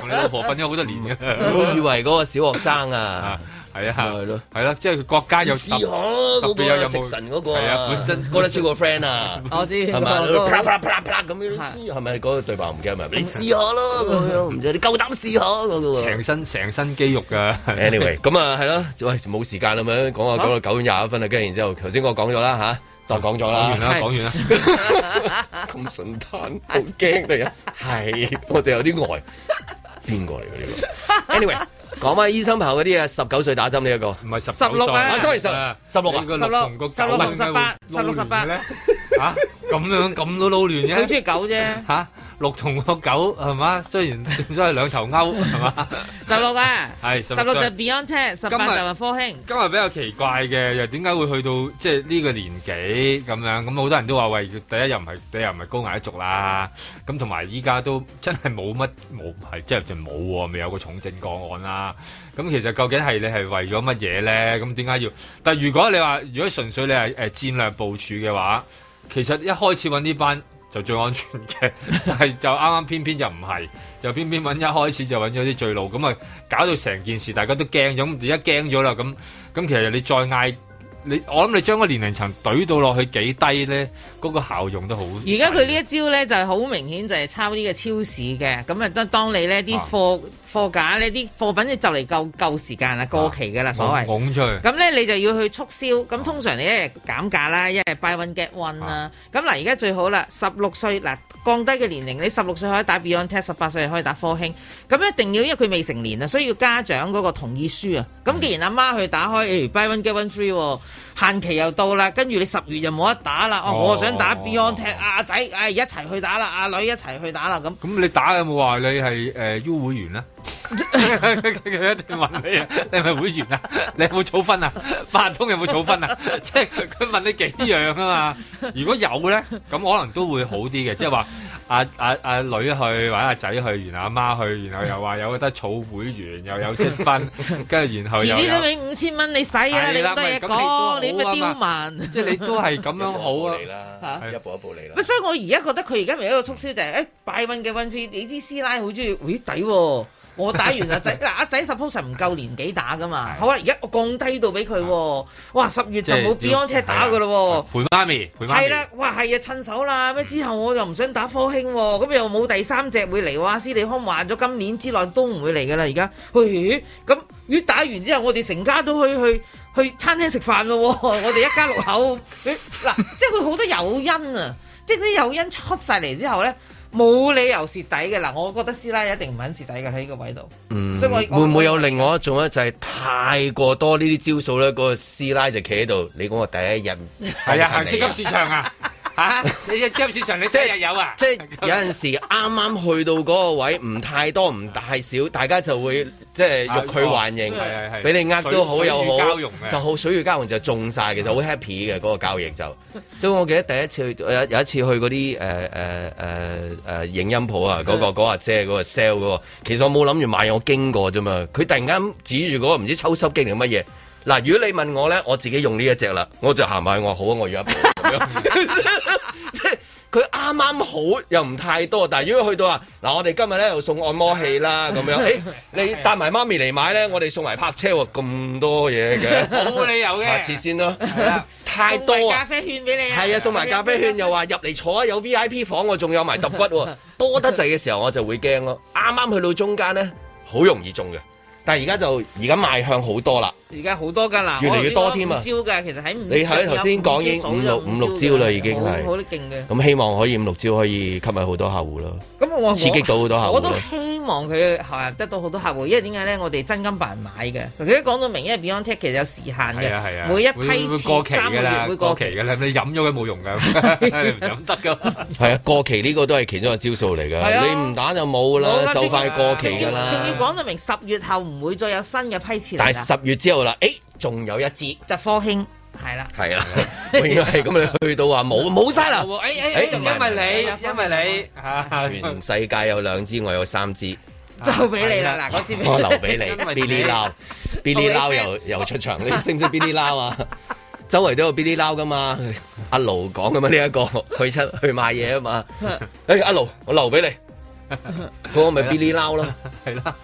同你老婆瞓咗好多年噶啦，以為嗰個小學生啊。係啊，係咯，係咯，即係佢國家有試下嗰有，有，有食神嗰個，係啊，本身高得超過 friend 啊，我知，係咪？佢啪啪啪啪咁樣，係咪？嗰、嗰個對白唔驚咪？你試下咯，唔知你夠膽試下個成身成身肌肉噶，anyway，咁、 嗯、啊，係咯，喂，冇時間咁樣講下講到九點廿一分啊，跟住然之後頭先我講咗啦吓，當講咗啦，講完啦，講完啦，咁神探好驚嚟啊，係，我就有啲呆，邊個嚟㗎呢個？anyway。講翻醫生朋友嗰啲啊，十九歲打針呢、這、一個，唔係十十六啊，sorry 十十六啊，十六十六十六十八，十六十八咧，嚇咁樣咁都撈亂嘅，好中意狗啫，嚇、啊。六同六九係嘛？雖然淨係兩頭勾，係嘛？十六啊，係 十六就 BioNTech，十八就係科興。今日比較奇怪嘅又點解會去到即係呢個年紀咁樣？咁好多人都話：喂，第一又唔係，第二又唔係高危一族啦。咁同埋依家都真係冇乜冇係，即係就冇喎，未有個重症個案啦、啊。咁其實究竟係你係為咗乜嘢咧？咁點解要？但如果你話如果純粹你係誒戰略部署嘅話，其實一開始揾呢班。就最安全嘅，但係就啱啱偏偏就唔係，就偏偏揾一開始就揾咗啲墜路。咁啊搞到成件事大家都驚咗，咁而家驚咗啦，咁咁其實你再嗌。你我諗你將個年齡層懟到落去幾低咧，嗰、那個效用都好。而家佢呢一招咧就係、是、好明顯就係抄啲嘅超市嘅，咁啊當當你咧啲貨貨架呢啲貨品就嚟夠夠時間啦，過期㗎啦所謂。拱、啊、出去。咁咧你就要去促銷，咁通常你減價，啊、一日減價啦，一係 buy one get one 啦，啊。咁嗱，而家最好啦，十六歲啦。降低嘅年齡，你十六歲可以打 Beyond Test，十八歲可以打科興，咁一定要因為佢未成年啊，所以要家長嗰個同意書啊。咁既然阿媽，媽去打開，誒、哎、buy one get one free 喎、哦。限期又到啦，跟住你十月就冇得打啦。哦，我想打 BioNTech 阿仔，哎，一齊去打啦，阿、啊、女一齊去打啦咁。咁你打有冇話你係誒、呃、U 會員咧、啊？佢 一定問你啊，你係咪會員啊？你有冇儲分啊？發通有冇儲分啊？即係佢問你幾樣啊嘛？如果有咧，咁可能都會好啲嘅，即係話。阿阿阿女去，或者阿仔去，然後阿媽去，然後又話有得儲會員， 又有積分，跟 住然後又你都俾五千蚊你使啦，你咁多嘢講，啊，你咩刁民。啊、即係你都係咁樣好啊，啦，一步一步嚟啦，啊、啦。所以我而家覺得佢而家咪一個促銷就係、是，誒，Buy One Get One Free。你知師奶好中意，會抵喎。我打完阿仔，阿仔 suppose 唔夠年紀打噶嘛？ 好啦、啊，而家我降低到俾佢。哇，十月就冇 BioNTech 打噶啦、就是啊，陪媽咪，係啦、啊，哇，係啊，趁手啦。咩之後我又唔想打科興、啊，咁又冇第三隻會嚟。哇，斯利康話咗今年之內都唔會嚟噶啦。而家，咁、哎？咦打完之後，我哋成家都去去去餐廳食飯咯、啊。我哋一家六口，嗱、 哎，即係佢好多誘因啊！即係啲誘因出晒嚟之後咧。冇理由蝕底嘅喇。我覺得師奶一定唔肯蝕底嘅，喺呢個位度、嗯，所以我會唔會有另外一種咧、啊，就係、是、太過多呢啲招數咧，嗰個師奶就企喺度，你講我第一日係啊，行市急市場啊！ 啊！你只超級市場你真係日有啊？ 即係即 有陣時啱啱去到嗰個位，唔太多唔太少，大家就會即係欲拒還迎，係、啊、俾、哦、你呃都好又好，就好水乳交融就中晒，其實好 happy 嘅嗰、那個交易就。即 係我記得第一次有一次去嗰啲誒誒誒誒影音鋪啊，嗰、那個嗰日即係嗰個 sell 嗰個，其實我冇諗住買，我經過啫嘛。佢突然間指住嗰、那個唔知抽濕機定乜嘢？嗱，如果你問我咧，我自己用呢一隻啦，我就行埋去。我好啊，我要一部。即係佢啱啱好，又唔太多。但係如果去到啊，嗱，我哋今日咧又送按摩器啦，咁樣。誒、欸，你帶埋媽咪嚟買咧，我哋送埋泊車咁多嘢嘅，冇理由嘅。下次先咯，太多、啊、咖啡券俾你。係啊，送埋咖啡券又話 入嚟坐啊，有 V I P 房，我仲有埋揼骨，多得滯嘅時候我就會驚咯。啱啱去到中間咧，好容易中嘅。但係而家就而家賣向好多啦，而家好多㗎啦，越嚟越多添啊！招、哦、㗎，其實喺五你喺頭先講已經五,五,五六五六招啦，已經係好勁嘅。咁希望可以五六招可以吸引好多客戶咯，咁我刺激到好多客戶我我。我都希望佢係得到好多客戶，因為點解咧？我哋真金白銀買嘅，佢都講到明，因為 Beyond Tech 其實有時限嘅、啊啊，每一批錢期三個月會過期嘅，你你飲咗佢冇用㗎，唔飲得㗎，係啊，過期呢個都係其中嘅招數嚟㗎、啊，你唔打就冇啦，就快過期㗎啦，仲要，要講到明、啊、十月後。唔會再有新嘅批次嚟，但係十月之後啦，誒，仲有一支就科興，係啦，係啦，永遠係咁。你去到話冇冇晒啦，誒誒誒，因為你，因為你，全世界有兩支，我有三支，就、啊、俾 你啦嗱，嗰支 我留俾你，比利撈，比利撈又又出場，你識唔識比利撈啊？周圍都有比利撈噶嘛，阿盧講咁啊，呢一個去出去買嘢啊嘛，誒阿盧，我留俾你。嗰個咪 Billy Lau 咯，係 啦，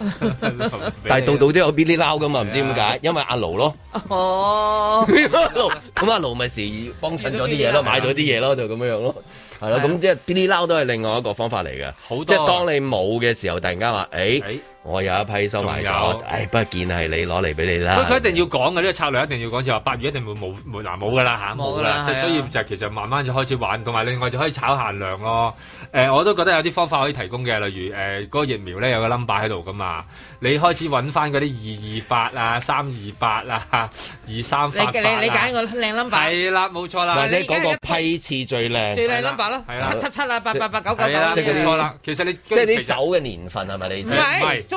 但係度度都有 Billy Lau 噶嘛，唔知點解，因為阿盧咯， 哦， 嗯、阿咁阿盧咪時幫襯咗啲嘢囉，買咗啲嘢囉，就咁樣樣囉！係啦，咁即係 Billy Lau 都係另外一個方法嚟嘅，即係當你冇嘅時候，突然間話，哎、欸。欸我有一批收埋咗，誒、哎、不見係你攞嚟俾你啦。所以佢一定要講嘅呢個策略一定要講，就話八月一定冇冇嗱冇嘅啦吓，冇嘅啦。所以就其實慢慢就開始玩，同埋另外就可以炒限量咯。誒、呃，我都覺得有啲方法可以提供嘅，例如誒嗰、呃那個疫苗咧有個 number 喺度嘅嘛，你開始揾翻嗰啲二二八啊、三二八啊、二三八你你你揀個靚 number。係啦，冇錯啦。或者嗰個批次最靚。最靚 number 咯，七七七啊、八八八,八、九九九,九。係啦，其實你即係你走嘅年份係咪你？意思？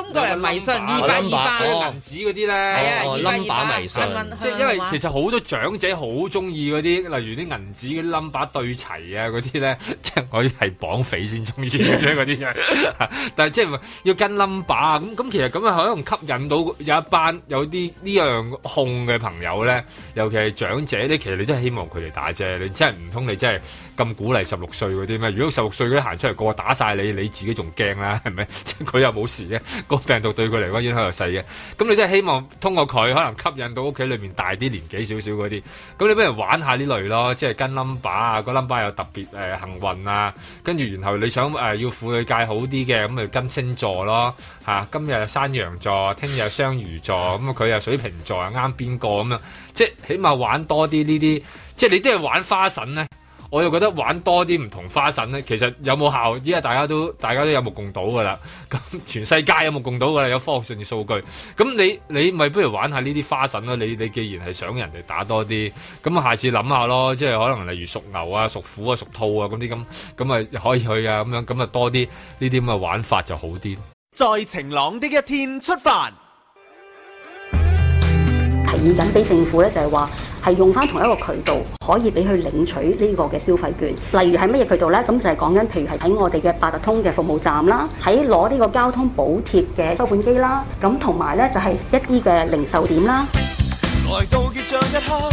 中國人迷信二八二八銀紙嗰啲咧，冧把迷信，即係、哦哦、因為其實好多長者好中意嗰啲，例如啲銀紙嗰啲冧把對齊啊嗰啲咧，即係 我係綁匪先中意嘅嗰啲嘢。 但係即係要跟冧把咁咁，其實咁樣可能吸引到有一班有啲呢樣控嘅朋友咧，尤其係長者咧，其實你都係希望佢哋打啫。你真係唔通你真係咁鼓勵十六歲嗰啲咩？如果十六歲嗰啲行出嚟過打晒你，你自己仲驚啦，係咪？佢 又冇事嘅。個病毒對佢嚟講依然係細嘅，咁你真係希望通過佢可能吸引到屋企裏面大啲年紀少少嗰啲，咁你不如玩下呢類咯，即係跟 number 啊，個 number 又特別誒幸、呃、運啊，跟住然後你想、呃、要婦女界好啲嘅，咁咪跟星座咯，啊、今日山羊座，聽日雙魚座，咁啊佢又水瓶座，啱邊個咁樣？即係起碼玩多啲呢啲，即係你都係玩花神咧。我又覺得玩多啲唔同花神咧，其實有冇效？依家大家都大家都有目共睹噶啦，咁全世界有目共睹噶啦，有科學上嘅數據。咁你你咪不如玩下呢啲花神啦。你你既然係想人哋打多啲，咁啊下次諗下咯，即係可能例如屬牛啊、屬虎啊、屬兔啊咁啲咁，咁啊可以去啊咁樣，咁啊多啲呢啲咁嘅玩法就好啲。在晴朗的一天出發。提議緊俾政府咧，就係話係用翻同一個渠道可以俾佢領取呢個嘅消費券，例如係乜嘢渠道咧？咁就係講緊，譬如係喺我哋嘅八達通嘅服務站啦，喺攞呢個交通補貼嘅收款機啦，咁同埋咧就係、是、一啲嘅零售點啦。來到結帳一刻，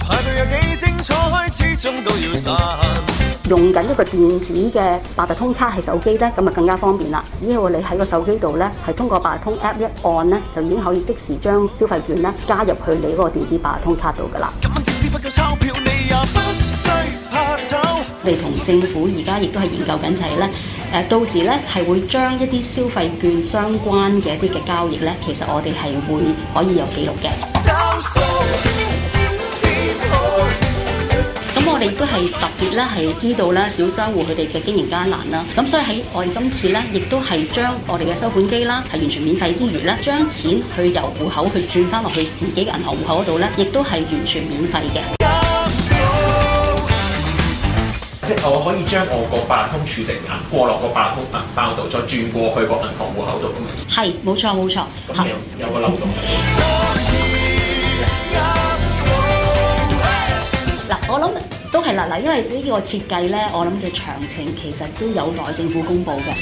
排隊有幾精彩，始終都要散。用緊一個電子嘅八達通卡喺手機咧，咁啊更加方便啦。只要你喺個手機度咧，係通過八達通 App 一按咧，就已經可以即時將消費券咧加入去你嗰個電子八達通卡度噶啦。我哋同 政府而家亦都係研究緊就係咧，誒到時咧係會將一啲消費券相關嘅一啲嘅交易咧，其實我哋係會可以有記錄嘅。 咁我哋都係特別咧，係知道咧小商戶佢哋嘅經營艱難啦。咁所以喺我哋今次咧，亦都係將我哋嘅收款機啦，係完全免費之餘咧，將錢去由戶口去轉翻落去自己嘅銀行戶口度咧，亦都係完全免費嘅。即係我可以將我個八通儲值卡過落個八通銀包度，再轉過去個銀行戶口度，係冇錯冇錯。咁有個漏洞。嗯我諗都係啦，嗱，因為呢個設計咧，我諗嘅詳情其實都有待政府公布嘅。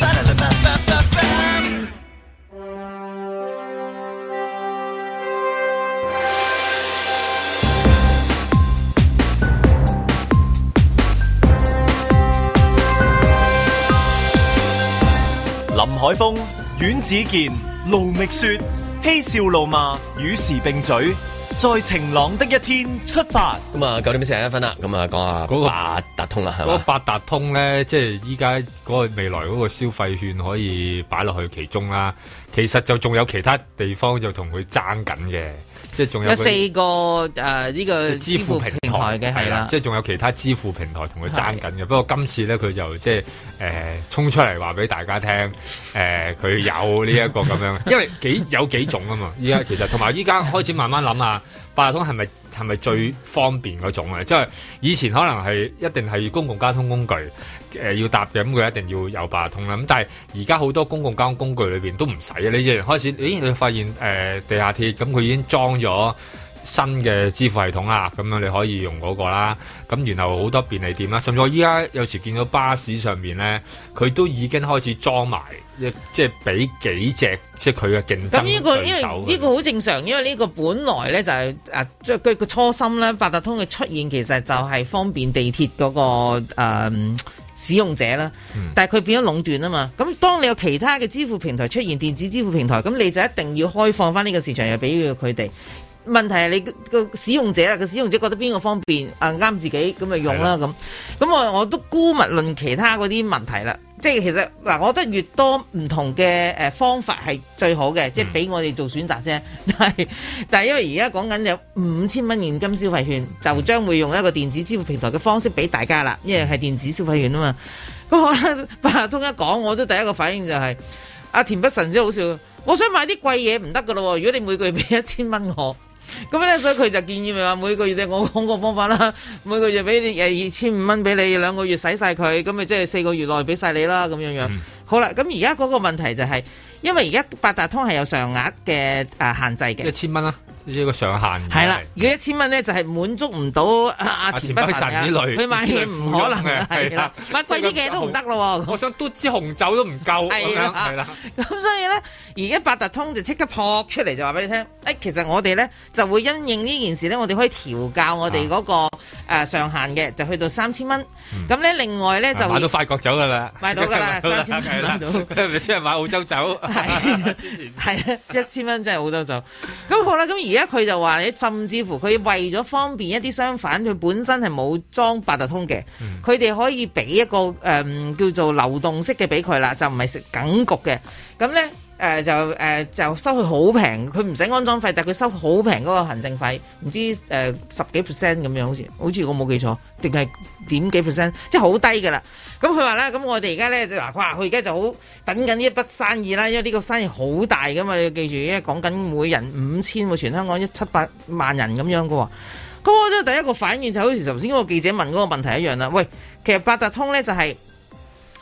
林海峰、阮子健、盧覓雪、嬉笑怒罵，與時並嘴。在晴朗的一天出發。咁啊，九點四十一分啦。咁啊，講下嗰個八達通啦。嗰、嗰個嗰個、八達通咧，即係依家嗰個未來嗰個消費券可以擺落去其中啦。其實就仲有其他地方就同佢爭緊嘅。即係仲有，有四個誒呢、呃呢個支付平台嘅係啦，即係仲有其他支付平台同佢爭緊嘅。不過今次咧佢就即係誒衝出嚟話俾大家聽，誒、呃、佢有呢一個咁樣， 因為幾有幾種啊嘛。依家其實同埋依家開始慢慢諗下，八達通係咪係咪最方便嗰種啊？即、就、係、是、以前可能係一定係公共交通工具。誒、呃、要搭咁佢一定要有八達通啦，咁但係而家好多公共交通工具裏面都唔使啊！你一開始，咦？你發現誒、呃、地下鐵咁佢已經裝咗新嘅支付系統啦，咁你可以用嗰、那個啦。咁然後好多便利店啦，甚至我依家有時見到巴士上面咧，佢都已經開始裝埋，即係俾幾隻即係佢嘅競爭對、這個、手。呢個因為呢個好正常，因為呢個本來咧就係即係佢個初心呢，八達通嘅出現其實就係方便地鐵嗰、那個、嗯使用者啦，但係佢變咗壟斷啊嘛，咁當你有其他嘅支付平台出現，電子支付平台，咁你就一定要開放翻呢個市場，又俾佢佢哋。問題係你個使用者啦，個使用者覺得邊個方便啊，啱自己咁咪用啦咁，咁我我都姑勿論其他嗰啲問題啦。即係其實嗱，我覺得越多唔同嘅誒方法係最好嘅，即係俾我哋做選擇啫。但係但係因為而家講緊有五千蚊現金消費券，就將會用一個電子支付平台嘅方式俾大家啦，因為係電子消費券啊嘛。咁可能八達通一講，我都第一個反應就係、是、阿田北辰真係好笑，我想買啲貴嘢唔得噶咯，如果你每個月俾一千蚊我。咁咧，所以佢就建議咪話每個月咧，我講個方法啦，每個月俾你誒二千五蚊俾你，兩個月使晒佢，咁咪即係四個月內俾晒你啦，咁樣樣、嗯。好啦，咁而家嗰個問題就係、是，因為而家八達通係有上額嘅誒限制嘅，一千蚊啦、啊。呢、這個上限係、就是、啦，如果一千蚊咧就係滿足唔到阿阿田，北辰田北辰類類北辰啊，佢買嘢唔可能係啦，買貴啲嘅都唔得咯。我想嘟支紅酒都唔夠，係啦，咁所以咧，而家 八達通就即刻撲出嚟就話俾你聽，誒、哎，其實我哋咧就會因應呢件事咧，我哋可以調教我哋嗰、那個、啊呃、上限嘅，就去到三千蚊。咁、嗯、咧，另外咧就買到法國酒噶啦，買到噶啦，啦，三千蚊買到啦，即係買澳洲酒，係啊，一千蚊即係澳洲酒。咁 是的 好啦，咁而家佢就話，甚至乎佢為咗方便一啲商販，佢本身係冇裝八達通嘅，佢、嗯、哋可以俾一個誒、嗯、叫做流動式嘅俾佢啦，就唔係食梗局嘅。咁咧。誒、呃、就誒、呃、就收佢好平，佢唔使安裝費，但佢收好平嗰個行政費，唔知誒、呃、十幾 percent 咁樣，好似好似我冇記錯，定係點幾 percent，即係好低㗎啦。咁佢話咧，咁我哋而家咧就嗱，佢而家就好等緊呢一筆生意啦，因為呢個生意好大㗎嘛，你要記住，因為講緊每人五千，全香港一七八萬人咁樣嘅喎。咁我都第一個反應就好似頭先嗰個記者問嗰個問題一樣啦。喂，其實八達通咧就係、是。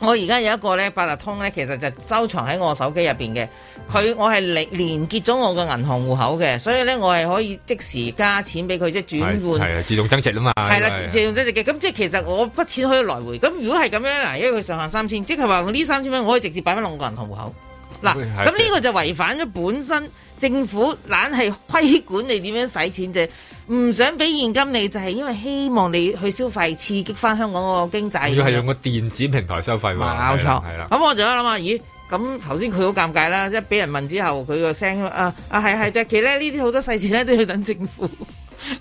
我而家有一個咧八達通咧，其實就收藏喺我手機入邊嘅，佢我係連連結咗我個銀行戶口嘅，所以咧我係可以即時加錢俾佢，即係轉換，係啊自動增值啊嘛，係啦自動增值嘅，咁即係其實我筆錢可以來回，咁如果係咁樣咧嗱，因為佢上限三千，即係話我呢三千蚊，我可以直接擺翻落我個銀行戶口。嗱、啊，咁呢個就違反咗本身政府懶係規管你點樣使錢啫，唔想俾現金你，就係、是、因為希望你去消費刺激翻香港個經濟。要係用個電子平台收費嘛？冇錯，係啦。咁我仲有諗下，咦？咁頭先佢好尷尬啦，即係俾人問之後，佢個聲啊啊係係，其實咧呢啲好多細節咧都要等政府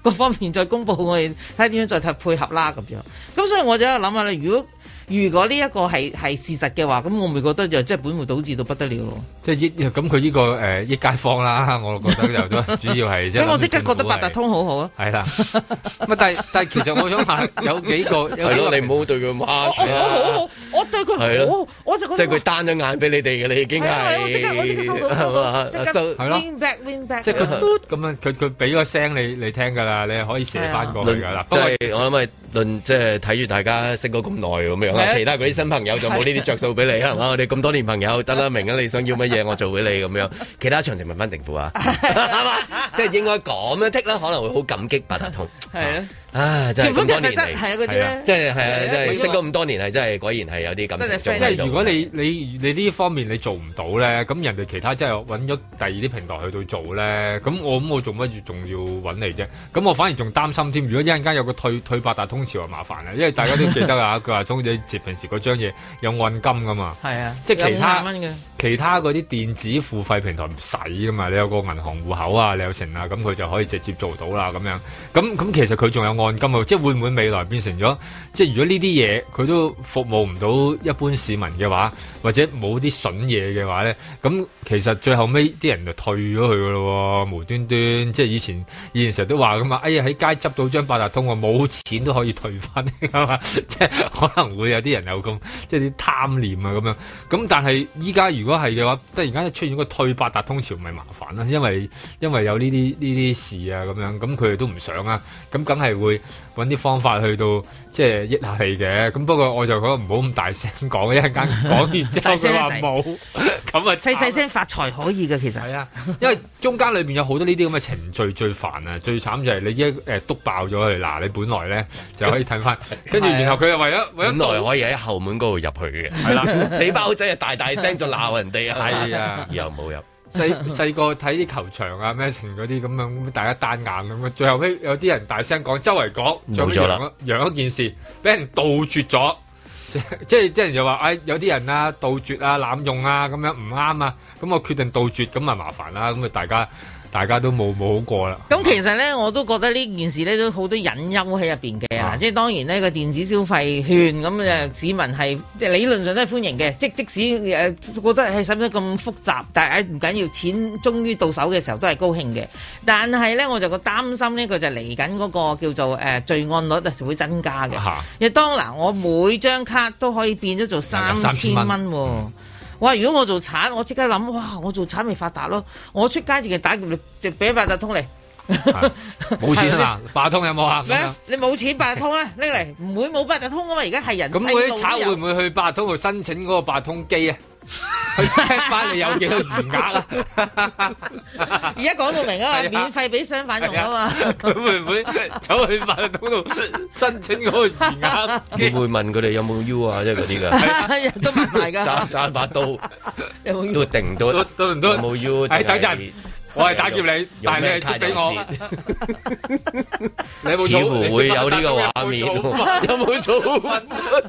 各方面再公布我，我哋睇點樣再配合啦咁樣。咁所以我就諗下啦，如果。如果呢一個係係事實嘅話，咁我咪覺得就真係本末倒置到不得了咯。即係益咁佢呢個誒益街坊啦，我覺得由咗主要係。所以我即刻覺得八達通好好啊。係啦，咪但係但係其實我想係有幾個係咯，你唔好對佢罵。我我好好，我對佢好好，我就覺得。即係佢單咗眼俾你哋嘅，你已經係。係啊，我即刻我即刻收到收到，即刻 win back win back，即係佢咁樣佢佢俾個聲你你聽㗎啦，你係可以射翻過去㗎啦。不過我諗係。論即係睇住大家識咗咁耐咁樣，其他嗰啲新朋友就冇呢啲着數俾你，係嘛？我哋咁多年朋友得啦，明啦，你想要乜嘢，我做俾你咁樣。其他詳情問翻政府啊，係 嘛？即係應該咁樣剔啦，可能會好感激八達通。係 啊、嗯。 啊！即係咁多年，係啊，即係係即係識咗咁多年係真係，果然係有啲感情喺度。即係如果你你你呢方面你做唔到咧，咁人哋其他真係揾咗第二啲平台去到做咧，咁我咁我做乜仲要揾你啫？咁我反而仲擔心添。如果一陣間有個退退八達通潮，就麻煩啊！因為大家都記得啊，佢話中意截平時嗰張嘢有按金噶嘛。係啊，即係其他其他嗰啲電子付費平台唔使噶嘛。你有個銀行戶口啊，你有成啊，咁佢就可以直接做到啦咁樣。咁咁其實佢仲有。按金啊，即係會唔會未來變成咗？即係如果呢啲嘢佢都服務唔到一般市民嘅話，或者冇啲筍嘢嘅話咧，咁其實最後尾啲人就退咗佢噶咯。無端端即係以前以前成日都話咁嘛，哎呀喺街執到張八達通我冇錢都可以退翻， 即係可能會有啲人有咁即係啲貪念啊咁樣。咁但係依家如果係嘅話，突然間出現個退八達通潮，咪麻煩啦。因為因為有呢啲呢啲事啊咁樣，咁佢哋都唔想啊。咁梗係會。揾啲方法去到即係益下你嘅，咁不過我就覺得唔好咁大聲講，一陣間講完之後佢話冇，咁啊細細聲發財可以嘅其實係啊，因為中間裏邊有好多呢啲咁嘅程序最煩啊， 最慘就係你一誒督爆咗佢，嗱你本來咧就可以睇翻， 跟住然後佢又為咗、 啊、本來可以喺後門嗰度入去嘅，係 啦、啊，你包仔啊大大聲就鬧人哋 是啊，係啊，以後冇入。細細個睇啲球場啊、咩情嗰啲咁樣，咁大家單眼咁，樣最後尾有啲人大聲講，周圍講，最後樣？樣一件事俾人杜絕咗，即係啲人又話，哎，有啲人啊，杜絕啊，濫用啊，咁樣唔啱啊，咁我決定杜絕，咁咪麻煩啦，咁啊大家。大家都冇冇好過啦。咁、嗯嗯、其實咧，我都覺得呢件事咧都好多隱憂喺入面嘅、啊。即係當然呢個電子消費券咁誒、嗯嗯，市民係理論上都係歡迎嘅。即即使誒、呃、覺得係使唔使咁複雜，但、哎、係唔緊要，錢終於到手嘅時候都係高興嘅。但係咧，我就個擔心呢個就嚟緊嗰個叫做誒、呃、罪案率就會增加嘅。嚇、啊！亦當嗱，我每張卡都可以變咗做三千蚊喎。3, 哇！如果我做產，我即刻諗哇！我做產咪發達咯！我出街就叫打劫嚟，就俾八達通嚟。冇錢啊！八 達通有冇客？你冇錢八達通啊？拎嚟，唔 會冇八達通啊嘛？而家係人。咁嗰啲炒會唔會去八達通度申請嗰個八通機啊？佢 check 翻你有幾多餘額啦？而家講到明啊嘛，免費俾商販用啊嘛。佢會唔會走去辦嗰度申請嗰個餘額？會唔會問佢哋有冇 U 啊？即係嗰啲噶。都唔係噶。揸揸把刀，都定都都都冇 U。誒，等陣。我係打劫你，但你係俾我。你冇儲分？似乎會有呢個畫面 有有做。有冇儲分？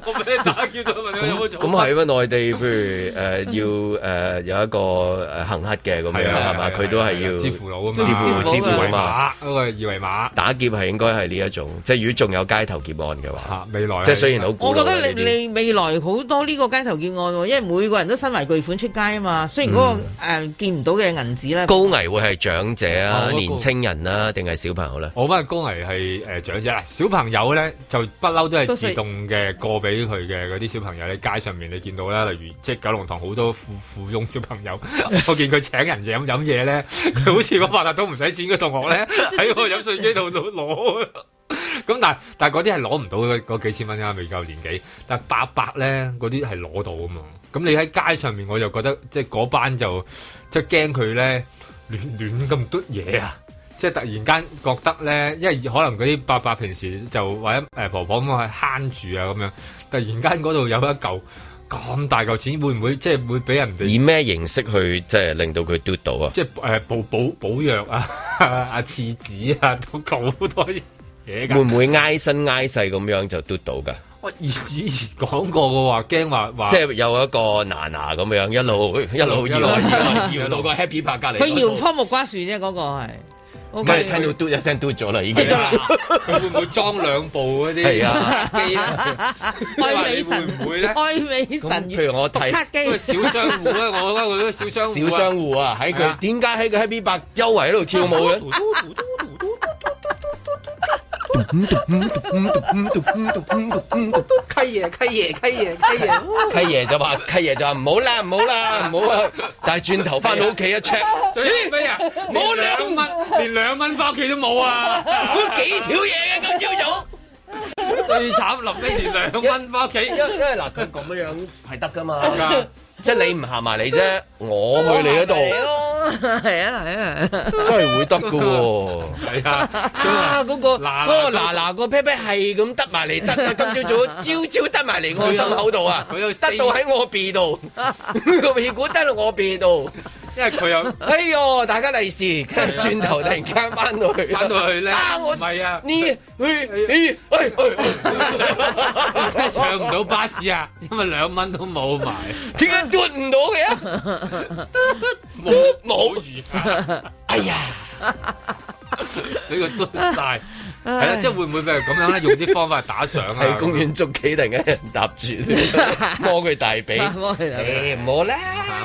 我咩打劫到你有咁，係因為內地譬如要、呃呃呃、有一個行乞嘅咁樣係嘛，佢、 啊啊啊啊啊、都係要支付佬啊嘛，支付支付二維碼。打劫係應該係呢一種，即係如果仲有街頭劫案嘅話，未來是即係雖然好，我覺得你，你，你未來好多呢個街頭劫案喎、啊，因為每個人都身為巨款出街啊嘛。雖然嗰、那個誒見唔到嘅銀紙咧，高、嗯、危。啊會係長者啊哥哥、年青人啊，定係小朋友咧？我班工嚟係誒長者啦，小朋友咧就不嬲都係自動嘅過俾佢嘅嗰啲小朋友。喺街上面你見到啦，例如即係九龍塘好多附附中小朋友，我見佢請人哋飲飲嘢咧，佢好似個八達都唔使錢嘅同學咧喺個飲水機度度攞。咁 但係但係嗰啲係攞唔到嗰幾千蚊啊，未夠年紀。但係八百咧，嗰啲係攞到啊嘛。咁你喺街上面，我就覺得即係嗰班就即係驚佢咧。亂亂咁嘟嘢啊！即係突然間覺得咧，因為可能嗰啲伯伯平時就或者誒婆婆咁啊慳住啊咁樣，突然間嗰度有一嚿咁大嚿錢會會，會唔會即係會俾人以咩形式去即係令到佢嘟到啊？即係誒補補補藥啊、啊廁紙啊，都好多嘢。會唔會捱身捱世咁樣就嘟到噶？我以前講過嘅話，驚話話即係有一個娜娜咁樣一路一路搖搖 到個 Happy Park 隔離。佢搖棵木瓜樹啫，嗰、那個係。咁、okay. 係聽到嘟一聲嘟咗啦，已經。佢、啊、 會唔會裝兩部嗰啲？係啊。 愛美神會不會咧？愛美神。譬如我睇，因為小商戶咧，我覺得佢都小商小商戶啊，喺佢點解喺個 Happy Park 周圍喺度跳舞嘅？ 契爺，契爺，契爺，契爺，契爺就話，契爺就話唔好啦，唔好啦，唔好啊！但係轉頭翻到屋企一 check，做咩啊？冇兩蚊，連兩蚊翻屋企都冇啊！咁幾條嘢嘅今朝早，最慘臨尾連兩蚊翻屋企，因為嗱佢咁樣樣係得噶嘛。即係你唔行埋嚟啫，我去你嗰度。係咯、哦，係啊，係啊，真係會得噶喎。係啊，啊、嗰個嗱嗱嗱嗱個啤啤係咁得埋嚟得啊！今朝早朝朝得埋嚟我心口度啊，佢又得到喺我鼻度，屁 股得喺我鼻度。 因為佢有，哎喲，大家利是，跟住轉頭突然間翻到去，翻到去咧，啊，我唔係啊，呢去去，喂喂，你上唔到巴士啊？因為兩蚊都冇埋，點解嘟唔到嘅？冇冇？哎呀，俾佢嘟晒，係啦，即係會唔會譬如咁樣咧？用啲方法打賞啊？喺公園捉企定嘅人搭住，摸佢大髀，摸佢，摸啦。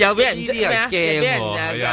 又俾人啲人驚喎，又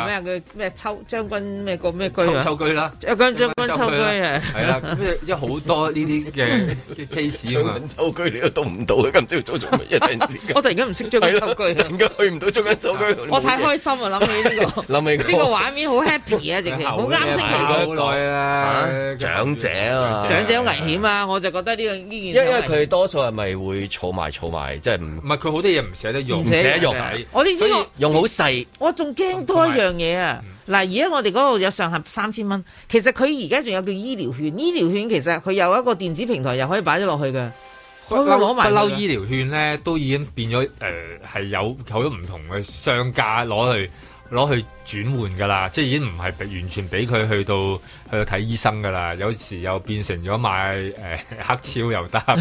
俾人佢咩抽將軍咩個咩居啊？抽抽屜啦，將將將軍抽屜係。係啊，咁即係即係好多呢啲嘅 case 啊嘛。將軍抽屜你又到唔到，咁唔知道做做乜嘢？我突然間唔識將軍抽屜。突然間去唔到將軍抽屜。我太開心啊！諗起呢個，諗起呢個畫面好 happy 啊！直情好啱星期嗰一季啊，長者啊。長者好危險啊！我就覺得呢樣呢件。因為佢多數係咪會儲埋儲埋，即係唔唔係佢好多嘢唔捨得用，唔捨得用。我呢啲我。用好細，我仲驚多一樣嘢啊！嗱，而、嗯、家我哋嗰度有上限三千蚊，其實佢而家仲有叫醫療券，醫療券其實佢有一個電子平台，又可以擺咗落去嘅。佢攞埋嬲醫療券咧，都已經變咗係、呃、有好多唔同嘅商家攞去。攞去轉換噶啦，即係已經唔係完全俾佢去到去睇醫生噶啦，有時又變成咗買、呃、黑超又得、 呃啊，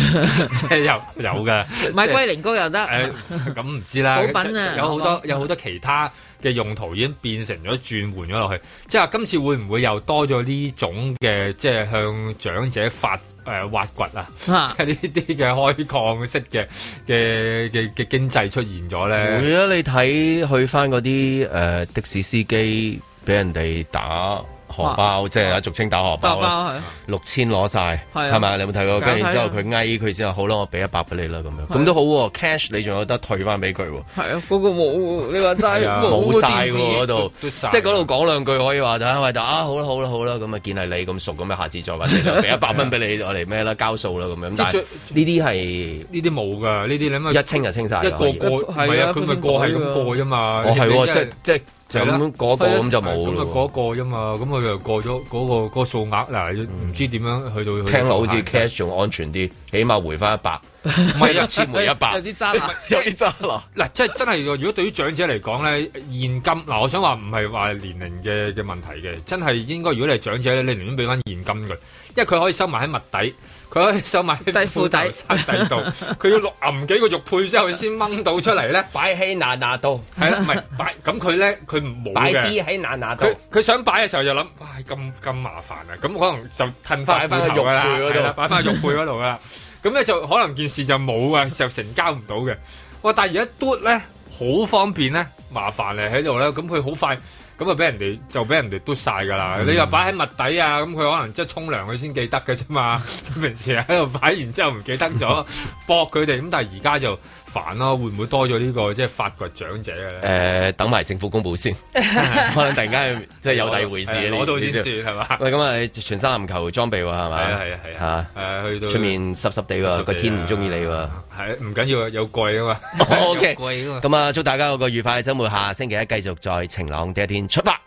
即係又有㗎。買龜苓膏又得。誒咁唔知啦，補品啊，有好多有好多其他嘅用途已經變成咗轉換咗落去。 即係話今次會唔會又多咗呢種嘅，即係向長者發？誒、呃、挖掘啊，即係呢啲嘅開礦式嘅嘅嘅嘅經濟出現咗咧。如果你睇去翻嗰啲誒的士司機俾人哋打。荷包、啊、即係俗稱打荷包咯，六千攞晒係咪？你有冇睇過？跟住之後佢翳佢之後，好啦，我俾一百俾你啦咁樣，咁都、啊、好 cash，你仲有得退翻俾佢？係啊，嗰、嗰個冇，你話齋冇晒嗰度，即係嗰度講兩句可以話，就係喂，但啊，好啦好啦好啦，咁啊見係你咁熟，咁啊下次再搵，俾一百蚊俾你我嚟咩啦？交數啦咁樣。是但係呢啲係呢啲冇噶，呢啲你乜一清就清晒，一個過係啊，佢咪過係咁過啫嘛，係即係即係。啊就咁嗰、嗰個咁就冇咁嗰個啫嘛，咁佢就過咗嗰、嗰個、嗰個數額嗱，唔、嗯、知點樣去到去。聽落好似 cash 仲安全啲， 起碼回翻一百，唔係一千回一百。有啲渣，有啲渣嗱，即係真係如果對於長者嚟講咧， 現金嗱，我想話唔係話年齡嘅嘅問題嘅，真係應該如果你係長者咧，你寧願俾翻現金佢，因為佢可以收埋喺物底。佢收埋喺褲底衫底度，佢要落揞幾個玉佩之後先掹到出嚟咧，擺喺拿拿度，係啦，唔係擺咁佢咧，佢唔冇嘅，擺啲喺拿拿度。佢佢想擺嘅時候就諗，哇，咁咁麻煩啊，咁可能就褪翻，擺翻個玉佩嗰度，擺翻個玉佩嗰度啦。咁咧就可能件事就冇啊，就成交唔到嘅。哇！但係而家嘟咧好方便咧，麻煩嚟喺度咧，咁佢好快。咁啊，俾人哋就俾人哋嘟晒㗎喇！你又擺喺物底啊，咁佢可能即係沖涼佢先記得㗎啫嘛，平時喺度擺完之後唔記得咗，搏佢哋咁，但係而家就～煩咯、啊，會唔會多咗呢、這個即係發掘長者嘅誒、呃，等埋政府公布先，可 能 突然間即係有第二回事攞到先算係嘛？喂，咁啊，全身籃球裝備喎，係咪？係啊係啊係啊吓，去到出面濕濕地喎，個天唔中意你喎。係唔緊要啊，有貴啊嘛。O K，貴嘛。咁啊，祝大家有個愉快嘅周末，下星期一繼續再晴朗的一天出發，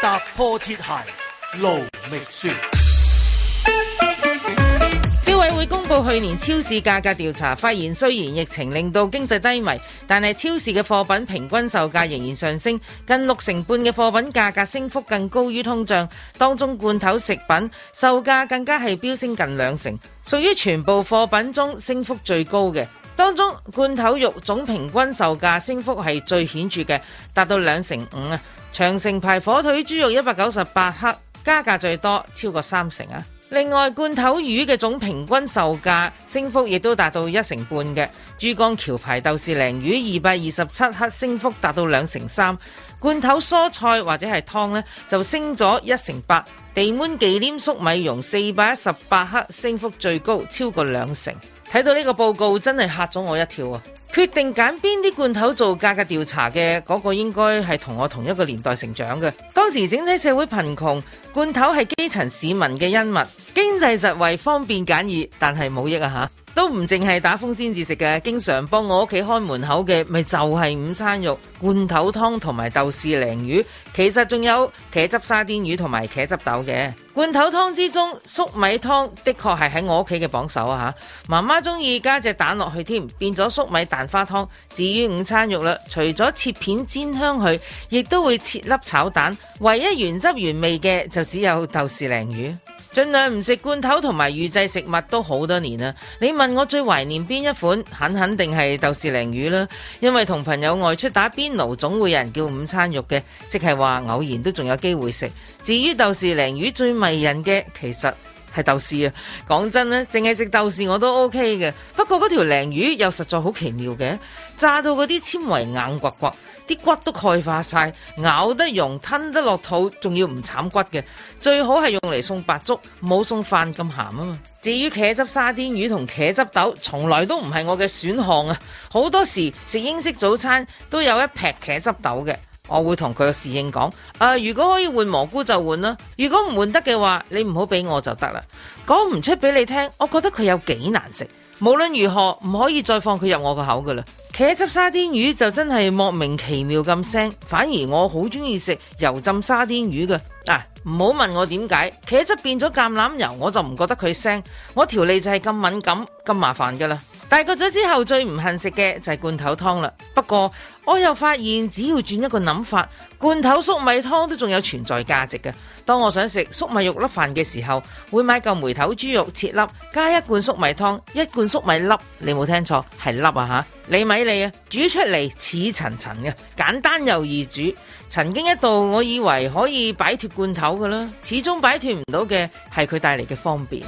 踏破鐵鞋路未舒。會公布去年超市價格調查，發現雖然疫情令到經濟低迷，但係超市嘅貨品平均售價仍然上升，近六成半嘅貨品價格升幅更高於通脹。當中罐頭食品售價更加係飆升近兩成，屬於全部貨品中升幅最高嘅。當中罐頭肉總平均售價升幅係最顯著嘅，達到兩成五啊。長城牌火腿豬肉一百九十八克加價最多超過三成啊。另外罐頭魚嘅總平均售價升幅亦都達到一成半嘅，珠江橋牌豆豉鯪魚二百二十七克升幅達到兩成三，罐頭蔬菜或者係湯呢，就升咗一成八，地捫忌廉粟米蓉四百一十八克升幅最高超過兩成，睇到呢個報告真係嚇咗我一跳啊！決定揀邊啲罐頭做價格調查嘅嗰個，應該係同我同一個年代成長嘅。當時整體社會貧窮，罐頭係基層市民嘅恩物，經濟實惠，方便簡易，但係冇益啊吓都唔淨係打風先至食嘅，經常幫我屋企開門口嘅，咪就係午餐肉、罐頭湯同埋豆豉鯪魚。其實仲有茄汁沙甸魚同埋茄汁豆嘅罐頭湯之中，粟米湯的確係喺我屋企嘅榜首啊！媽媽中意加隻蛋落去添，變咗粟米蛋花湯。至於午餐肉啦，除咗切片煎香佢，亦都會切粒炒蛋。唯一原汁原味嘅就只有豆豉鯪魚。盡量唔食罐頭同埋預製食物都好多年啦。你問我最懷念邊一款？肯肯定係豆豉鯪魚啦，因為同朋友外出打邊爐，總會有人叫午餐肉嘅，即係話偶然都仲有機會食。至於豆豉鯪魚最迷人嘅，其實係豆豉啊。講真呢，淨係食豆豉我都 OK 嘅，不過嗰條鯪魚又實在好奇妙嘅，炸到嗰啲纖維硬刮刮。啲骨都鈣化晒，咬得溶，吞得落肚，仲要唔慘骨嘅，最好係用嚟送白粥，冇送飯咁鹹啊嘛。至於茄汁沙甸魚同茄汁豆，從來都唔係我嘅選項啊。好多時食英式早餐都有一劈茄汁豆嘅，我會同佢嘅侍應講：呃，如果可以換蘑菇就換啦，如果唔換得嘅話，你唔好俾我就得啦。講唔出俾你聽，我覺得佢有幾難食。無論如何，唔可以再放佢入我個口噶啦。茄汁沙甸魚就真係莫名其妙咁腥，反而我好鍾意食油浸沙甸魚嘅。啊，唔好問我點解，茄汁變咗橄欖油，我就唔覺得佢腥。我條脷就係咁敏感，咁麻煩噶啦。大個咗之後最唔恨食嘅就係罐頭湯啦。不過我又發現，只要轉一個諗法，罐頭粟米湯都仲有存在價值嘅。當我想食粟米肉粒飯嘅時候，會買嚿梅頭豬肉切粒，加一罐粟米湯，一罐粟米粒。你冇聽錯，係粒啊吓、啊，你咪你啊，煮出嚟似層層嘅，簡單又易煮。曾經一度我以為可以擺脫罐頭㗎啦，始終擺脫唔到嘅係佢帶嚟嘅方便。